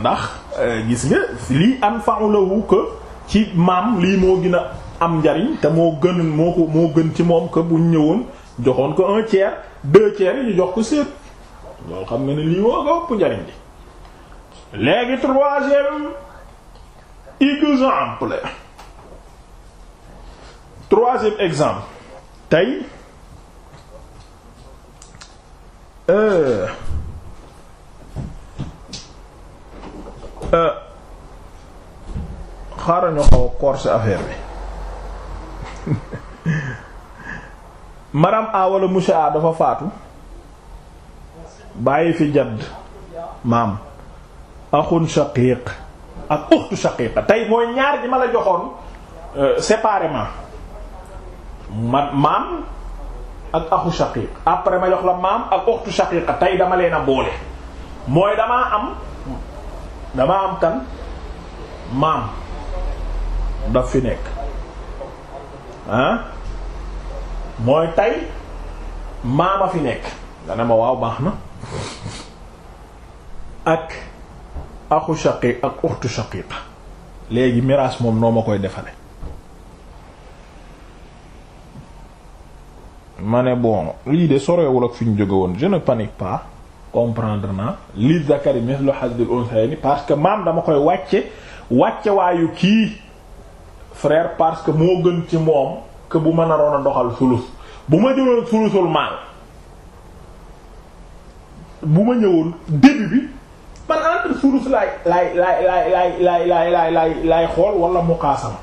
ndax eh, gis nga lii anfa'u lahu ko ci maam lii moo gën am njariñ te moo gën moo ko moo gën ci moom que buñ ñëwoon joxoon ko un tiers deux tiers yi jox ko seet loolu xam nga ne lii woo ko njariñ li léegi troisième exemple troisième exemple tey euh euh xaaral ñu xaw corse affaire bi madame A wala monsieur dafa faatu bàyyi fi jadd maam axun shaqiiq ak uxtu shaqiiqa tey mooy ñaar ji ma la joxoon euh, séparément ma maam ak axu shaqiiq après ma jox la maam ak uxtu shaqiiqa tey dama leen a boole mooy damaa am damaa am kan maam daf fi nekk ah mooy tey maama fi nekk nga ne ma waaw baax na ak axu shaqiq ak uxtu shaqiqa léegi miraas moom noo ma koy defale ma ne bon lii de sorewul ak fi ñu jóge woon je ne panique pas comprendre naa li zakari mithlu hazzil unsayni parce que maam dama koy wàcce wàcce waayu kii frère parce que moo gën ci moom que bu ma naroon a doxal sulus bu ma jëloon sulusul maal bu ma ñëwoon début bi man entre sulus laay laay laay laay laay laay laay laay xool wala muqaasama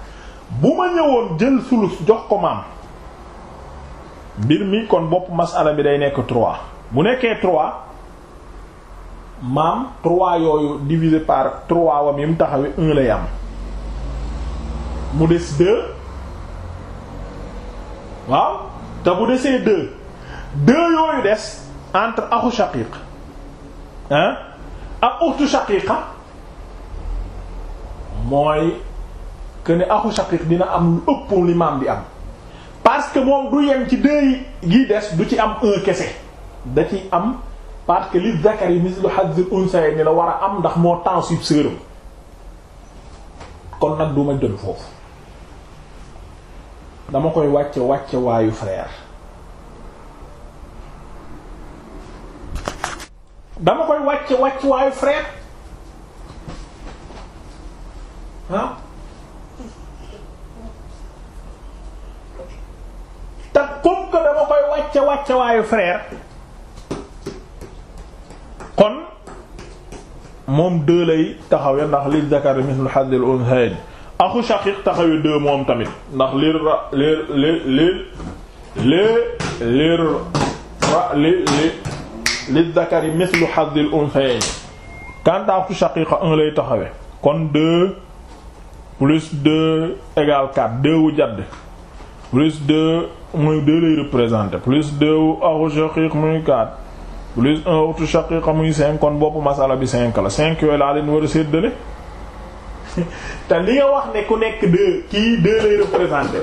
bu ma ñëwoon jël sulus jox ko maam mbir mi kon bopp masala bi day nekk trois bu nekkee trois maam trois yooyu divisé par trois wam yi mu taxawe un am mu des deux waaw te bu desee deux deux yooyu des entre axu shaqiiq ah ak uxtu shaqiiqa ah, mooy que ne axu shaqiiq dina am lu ëpp li maam di am parce que moom du yem ci deux yi des du ci am kese da ci am parce que li zakari mislu hazzil unsayni la war a am ndax moo temps sub seeram kon nag du ma foofu dama koy wàcce wàcce waayu frère dama koy wàcce wàcce waayu frère ah comme que dama koy wàcce wàcce waayu frère kon moom deux lay taxawe ndax li zakar mithlu hadhil unthayn axu shaqiq taxawe deux moom tamit ndax lir ra lir lir lir lir lir ra li li li dakari mislu hazzil unsayayn kanta axu shaqiqa un lay taxawe kon deux plus deux égale quatre deux wu jadd plus deux muy deux lay représenter plus deux wu axu shaqiq muy quatre plus un axu shaqiqa muy cinq kon bopp masala bi cinq la cinq yooyu laa leen war a séddale te li nga wax ne ku nekk deux kii deux lay représenté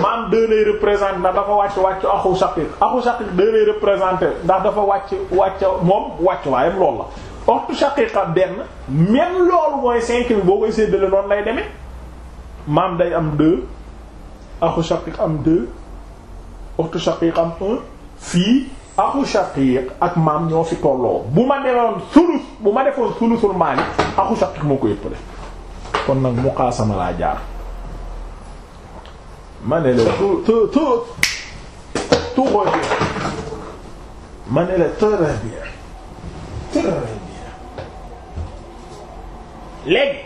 maam deux lay représenté ndax dafa wàcc wàcc axu shaqiq axu shaqiq deux lay représenté ndax dafa wàcc wàcc moom wàcc waayam loolu la ortu shaqiqa benn même loolu mooy cinq bi boo koy séddale noonu lay deme maam day am deux axu shaqiq am deux ortu shaqiq am un fii axu shaqiq ak maam ñoo fi tolloo bu ma demoon sulus bu ma defoon sulusul maali axu shaqiq moo ko yëppale kon nag muqaasama laa jaar ma ne la tu tu tu tout revient ma ne la léegi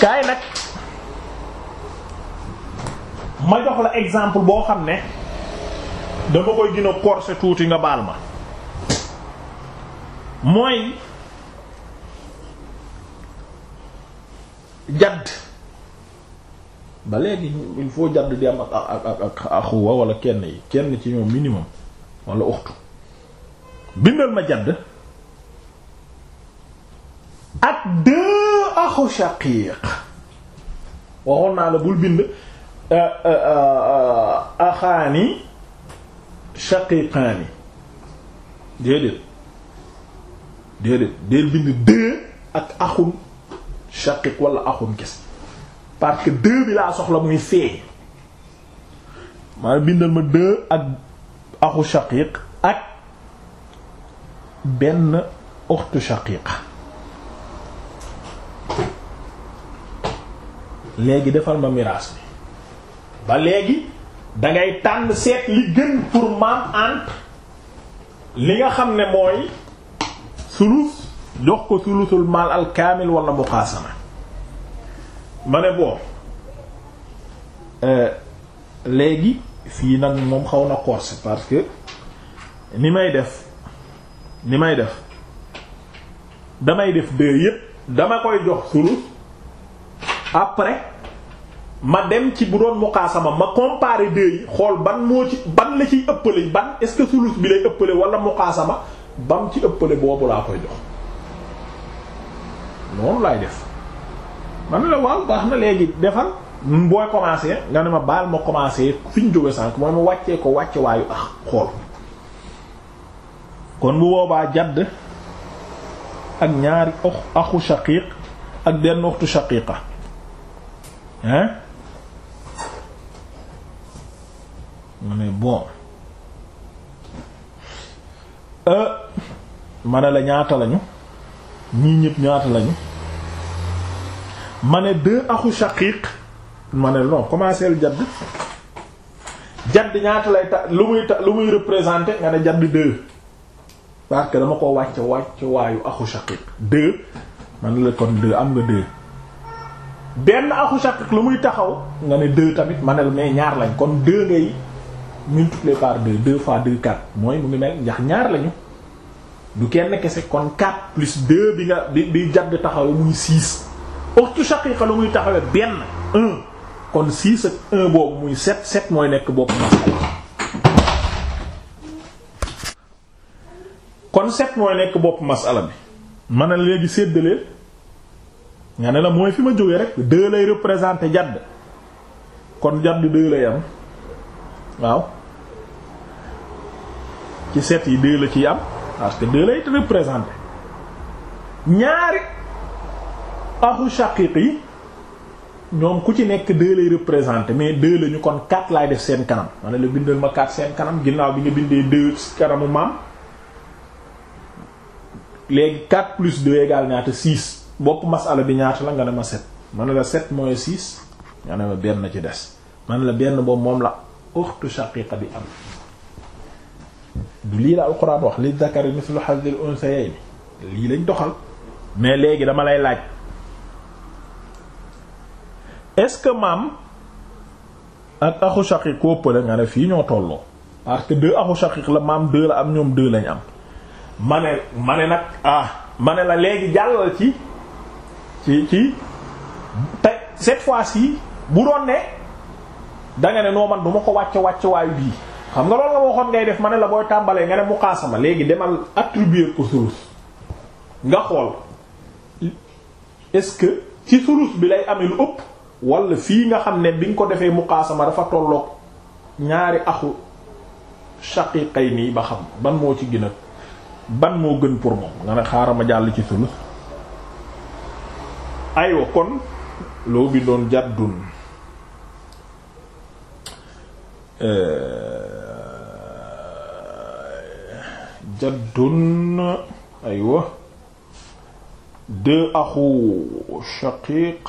kaay euh, nag ma jox la exemple boo xam ne dama koy gën a tuuti nga baal ma mooy jadd ba léegi il faut jadd di am ak ak ak axuwa wala kenn yi kenn ci ñoom minimum wala uxtu bindal ma jadd ak deux axu shaqiiq waxoon naa la bul bind euh, euh, euh, axaani shaqiiqaani déedéet déedéet déel bind deux ak axun shaqiq wala axun gis parce que deux bi laa soxla muy feeñ maa bindal ma deux ak axu shaqiq ak benn uxtu shaqiqa léegi defal ma miraas bi ba léegi dangay tànn seet li gën pour maam entre li nga xam ne mooy sulus jox ko sulusul maal al kaamil wala ma ne boo euh, léegi fii nag moom xaw na corse parce que ni may def ni may def damay def deux yépp dama koy jox sulus après ma dem ci bu doon muqaasama ma comparer deux yi xool ban moo ci ban la ciy ëppale ban est-ce que sulus bi lay ëppale wala muqaasama bam ci ëppale boobu laa koy jox noonu laay def man la waaw baax na léegi defal booy commencé nga ne ma baal ma commencé fi ñu jóge sànk mooy ma wàccee ko wàcce waayu ak xool kon bu boobaa jadd ak ñaari axu shaqiq ak benn uxtu shaqiqa hein ma ne bon Euh, ma ne la ñaata lañu ñii ñëpp ñaata lañu ma ne deux axu shaqiq ma ne non commencé lu jadd jadd ñaata lay ta lu muy ta lu muy représenter nga ne jadd deux parce dama ko wàcc wàcc waayu axu shaqiq deux ma ne la kon deux am nga deux benn aku shaqiq lu muy taxaw nga ne deux tamit ma ne la mais ñaar lañ kon deux ngay multiplié par deux deux fois deux quatre mooy mu ngi mel ndax ñaar lañu du kenn kese kon quatre plus deux bi nga bi bi jadd taxawe muy six uxtu shaqiqa lu muy taxawe benn kon six ak un boobu muy sept set mooy nekk bopp masala kon nekk bopp masala bi ma ne léegi séddaleel nga ne la mooy fi ma jógee rek deux lay représenter jàdd kon jadd deux lay am waaw ci set yi deux la ci am parce que deux lay représenté ñaari axu shaqiq yi ñoom ku ci nekk deux lay représenté mais deux la ñu kon quatre laay def seen kanam ma ne la bindal ma quatre seen kanam ginnaaw bi nga bindee deux kanamu maam léegi quatre plus deux égale ñaata six bopp masala bi ñaata la nga dem ma sept ma ne la sept mooy six nga ne ma benn ci des ma la benn boobu moom la uxtu shaqiqa bi am lii la alquran wax li zakari mislu hazzil unsayayni lii lañ doxal mais léegi dama lay laaj est-ce que maam ak axu shaqiq koo pële nga ne fii ñoo tolloo parce que deux axu shaqiq la maam deux la am ñoom deux lañ am ma ne ma ne nag ah ma ne la léegi jàllal ci ci ci te cette fois-ci bu doon ne da ne noo man du ma ko wàcce wàcce waayu bii xam nga loolu nga waxoon ngay def ma ne la booy tàmbalee nga ne muqaasama léegi demal attribuer ko sulus nga xool est-ce que ci surus bi lay amee lu ëpp walla fii nga xam ne bi nga ko defee muqaasama dafa tolloog ñaari axu shaqiqay nii ba xam ban moo ci gina a ban moo gën pour moom nga ne xaaral ma jàll ci sulus aywa kon loo bi doon jaddun Euh, jaddun aywa deux axu shaqiq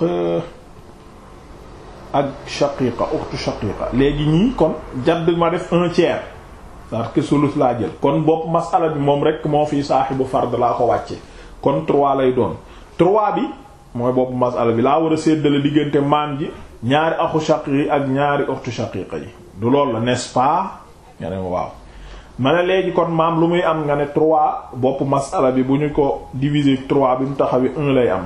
ak shaqiqa uxtu shaqiqa léegi ñii kon jadd ma def un tiers parce que sulus laa jël kon bopp masala bi moom rek moo fi saaxibu fard laa ko wàcce kon trois lay doon trois bi mooy bopp masala bi laa war a séddale diggante maam ji ñaari axu shaqiq yi ak ñaari uxtu shaqiqa yi du loolu la n'est-ce pas nga ne waaw ma ne léegi kon maam lu muy am nga ne 3 bopp masala bi bu ñu ko diviser trois bi mu taxawee 1 lay am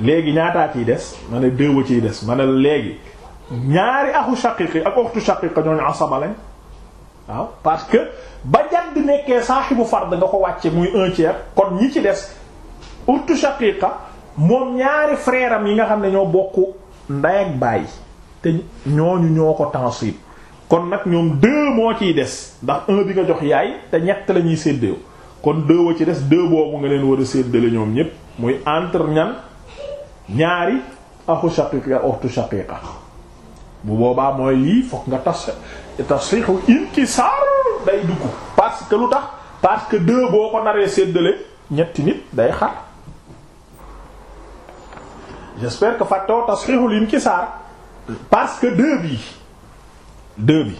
léegi ñaataa ciy des ma ne 2 ba ciy des ma ne léegi ñaari axu shaqiqi ak uxtu shaqiqa ñooñu asaba lañ waaw parce que ba jadd nekkee saaxibu fard nga ko wàcce muy un tiers kon ñi ci des uxtu shaqiqa moom ñaari frère yi nga xam ne ñoo bokk nday ak baay te ñooñu ñoo ko tansib kon nag ñoom deux moo ciy des ndax un bi nga jox yaay te ñett la ñuy séddoo kon deux wa ci des deux boobu nga leen war a séddale ñoom ñépp muy entre ñan ñaari axu shaqiqa ukhtu bu boobaa mooy lii fokk nga tas tasixu inkisaar day dugg parce que lu tax parce que deux boo ko naree séddale ñetti nit day xar j'espère que fàttewoo tasxiixul inkisaar parce que deux bi deux bi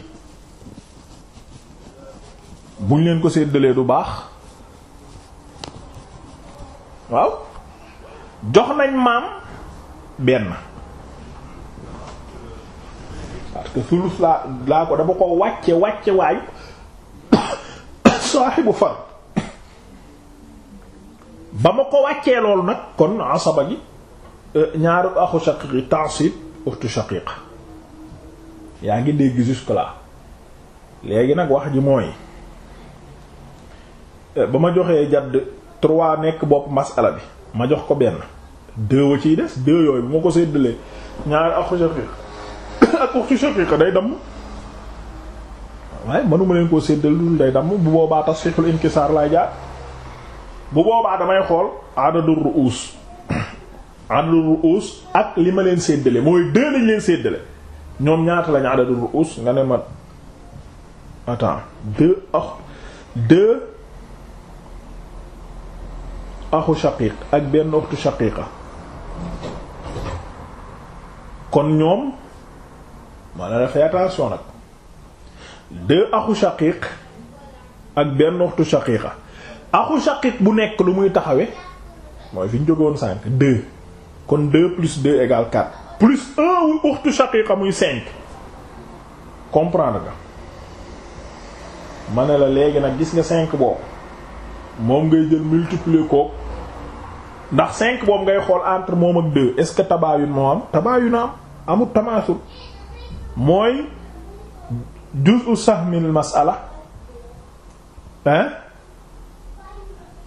buñ leen ko séddalee du baax waaw jox nañ maam benn parce que sulus laa laa ko dama ko wàcce wàcce waayu bu far ba ma ko wàccee loolu nag kon asaba gi euh, ñaaru axu shaqiqi ta'sib uxtu shaqiqa yaa ngi dégg jusque là léegi nag wax ji mooy eh, ba ma joxee jadd trois nekk bopp masala bi ma jox ko benn deux wa ciy des deux yooyu bu ma ko séddalee ñaari ak uxtu shaqiqa ak uxtu shaqiqa day damm waaye mënuma leen koo séddal lu dul day damm bu boobaa tasfiixul inkisaar laay jaar bu boobaa damay xool adadu ru'uus adadul ruus ak li ma leen séddale mooy deux lañ leen séddale ñoom ñaata lañ adadul ruus nga ne ma attends deux ah deux ak benn oxtu shaqiqa kon ñoom maanaam dafay attention nag deux axu shaqiq ak benn oxtu shaqiqa axu shaqiq bu nekk lu muy taxawe mooy fi ñu sànk sànq kon 2 plus 2 égale 4 plus 1 wu uxtu shaqiqa muy 5 comprendre nga ma ne la léegi nag gis nga cinq boobu moom ngay jël multiplier ko ndax cinq boobu ngay xool entre moom ak 2 est-ce que tabaayun moo am tabaayun am amul tamaasul mooy juz'u sahmil mas'ala hein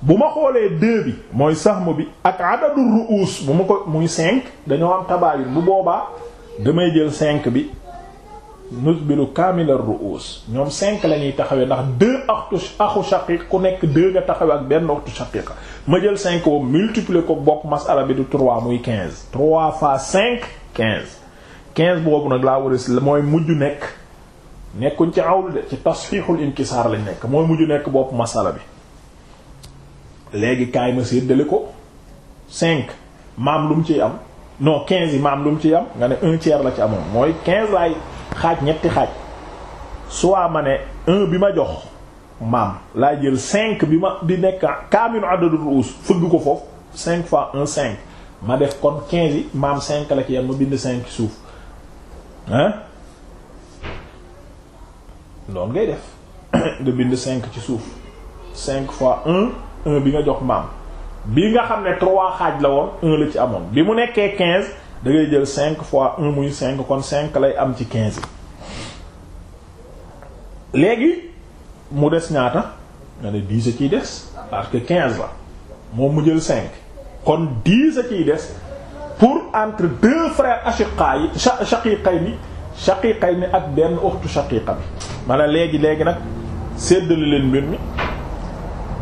bu ma xoolee deux bi mooy saxmo bi ak adadu ruus bu ma ko muy cinq dañoo am tabaayun bu boobaa damay jël cinq bi nusbilu kaamila ruus ñoom cinq la ñuy taxawee ndax deux axtu axu shaqiq ku nekk deux nga taxawee ak benn axtu shaqiqa ma jël cinq boobu ko bokk masala bi du trois muy quinze trois fois cinq quinze quinze boobu nag laa war a mooy mujj nekk nekkuñ ci awlu de ci tasxiixul inkisaar lañ nekk mooy mujj nekk bopp masala bi léegi kaay ma séddale ko cinq maam lu ci am no quinze yi maam lu ci am nga ne un tiers la ci amoon mooy quinze laay xaaj ñetti xaaj soit ma ne un bi ma jox maam laa jël cinq bi ma di nekk kaaminu adadu ruus fëgg ko foofu cinq fois un cinq ma def kon quinze yi maam cinq la ci yam ma bind cinq suuf hein loolu ngay def nga bind cinq ci suuf cinq fois un un bi nga jox maam bi nga xam ne trois xaaj la woon la ci amoon bi mu nekkee quinze dangay jël cinq fois un muy cinq kon cinq lay am ci quinze léegi mu des ñaata nga ne a ciy des parce que quinze la moom mu jël cinq kon dix a ciy des pour entre deux frères ashiqa yi shaqiqay ni shaqiqay ni ak benn uxtu shaqiqa bi ma ne léegi léegi nag séddale leen mbir mi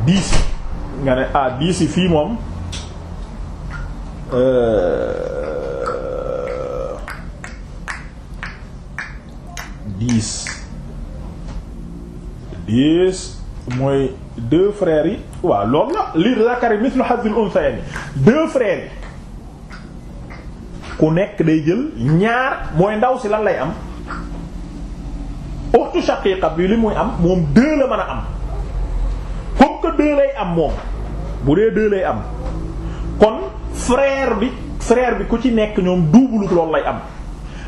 dix nga ne ah diisi fii moom euh, dix dix mooy deux frères yi waaw loolu la li zakari mithlu hadhil unsayni deux frères yi ku nekk day jël ñaar mooy ndaw si lan lay am ukhtu shaqiqa bi li muy am moom deux la mën a am comme que deux lay am moom bu dee deux lay am kon frère bi frère bi ku ci nekk ñoom double loolu lay am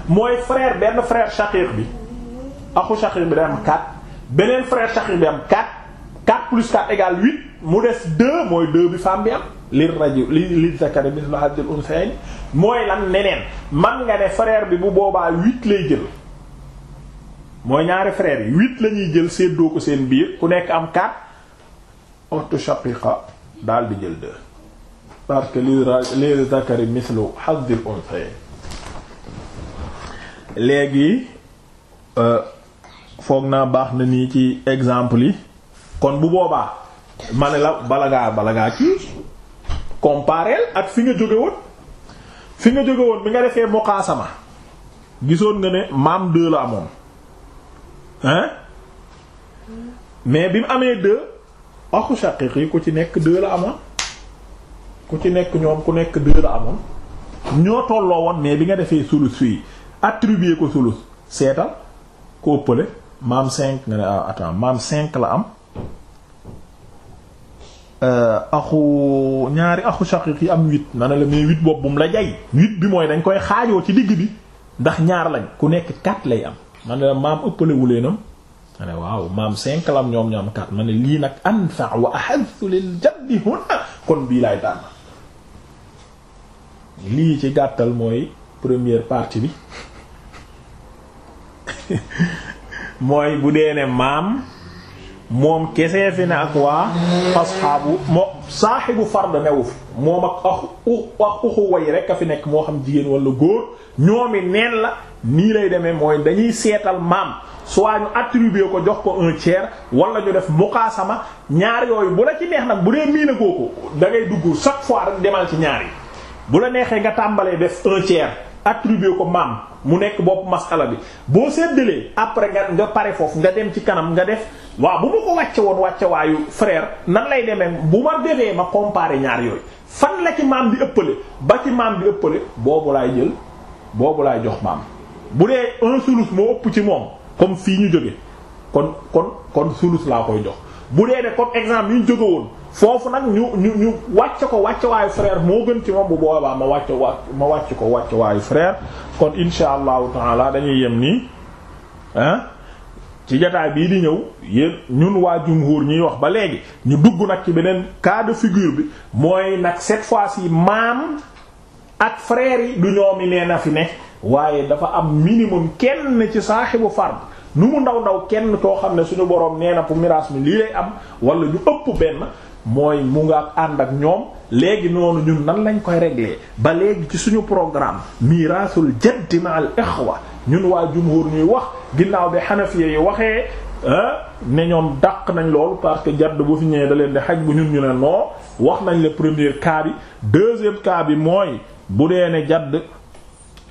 mooy frère benn frère shaqiq bi aku shaqiq bi day am 4 beneen frère shaqiq bi am 4 4 plus 4 égale 8 mu des 2 mooy 2 bi femme bi am li rajo li li zakari mislu hadil unsayn mooy lan neneen man nga ne frère bi bu boobaa 8 lay jël mooy ñaari frère yi 8 la ñuy jël séddoo ko seen biir ku nekk am 4 uxtu shaqiqa daal di jël deux parce que li zakari mislu hazzil unsayn léegi euh, foog naa baax na nii ci exemple yi kon bu boobaa ma ne la bala ngaa bala ngaa kii compareel ak fi nga jóge woon fi nga jóge woon bi nga defee muqaasama gisoon nga ne maam deux la amoon hein mais bi mu amee deux axu shaqiq yi ku ci nekk deux la amoon ku ci nekk ñoom ku nekk deux la amoon ñoo tolloo woon mais bi nga defee sulus fii attribuer ko sulus seetal koo pële maam cinq nga ne ah, attends maam cinq la am euh, axu ñaari axu shaqiq yi am huit na ne la mais huit boobu mu la jay huit bi mooy dañ koy xaajoo ci digg bi ndax ñaar lañ ku nekk quatre lay am man la maam ëppale wulee nam ma waaw maam cinq lam ñoom ñoom quatre ma ne lii nag anfa wa ahadtu lil jaddi huna kon bii laay tànn lii ci gàttal mooy première partie bi mooy bu dee ne maam moom kese fi ne ak waa asxaabu moo saaxibu fard newu fi moom ak ak ak uxuwa yi rek a fi nekk moo xam jigéen wala góor ñoomi neen la nii lay demee mooy dañuy seetal maam soit ñu attribuer ko jox ko un tiers wala ñu def muqaasama ñaar yooyu bu la ci neex nag bu dee miina kooku da ngay dugg chaque fois rek demal ci ñaar yi bu la neexee nga tàmbalee def un tiers attribuer ko maam mu nekk bopp masala bi boo séddalee après nga nga pare foofu nga dem ci kanam nga def waaw bu ma ko wàcce woon wàcce waayu frère nan lay demee bu ma defee ma comparer ñaar yooyu fan la ci maam bi ëppale ba ci maam bi ëppale boobu laay jël boobu laay jox maam bu dee un sulus moo ëpp ci moom comme fii ñu jóge kon kon kon sulus laa koy jox bu dee ne comme exemple yuñ jóge woon foofu nag ñu ñu ñu wàcc ko wàcc waayu frère moo gën ci moom bu boobaa ma wàcc ma wàcc ko wàcc waayu frère kon insha allahu taala dañuy yem nii ah ci jataay bii di ñëw yéen ñun waa jumhur ñuy wax ba léegi ñu dugg nag ci beneen cas de figure bi mooy nag cette fois-ci maam ak frère yi du ñoomi nee na fi ne waaye dafa am minimum kenn ci saaxibu fard nu mu ndaw ndaw kenn koo xam ne suñu boroom nee na pour miraas mi lii lay am wala ñu ëpp benn mooy mu nga ànd ak ñoom léegi noonu ñun nan lañ koy régler ba léegi ci suñu programme miraasul jaddi ma al ixwa ñun waa jumhur ñuy wax ginnaaw bi xanafiya yi waxee ne ñoom dàq nañ loolu parce que jadd bu fi ñëwee da leen di xaj bu ñun ñu ne non wax nañ le premier cas bi deuxième cas bi mooy bu dee ne jadd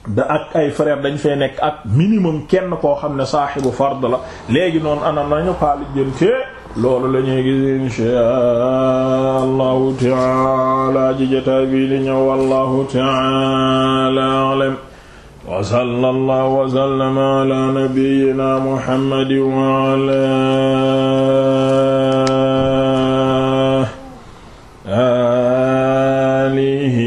da ak ay frère dañ fay nekk ak minimum kenn koo xam ne bu fard la léegi noonu ana nañu xaali jënte loolu la ñuy gis inshaa taala ji jotaay bii di ñëw wallahu taala alam wa sallallahu ala nabiyyina muhammadin wa ala alihi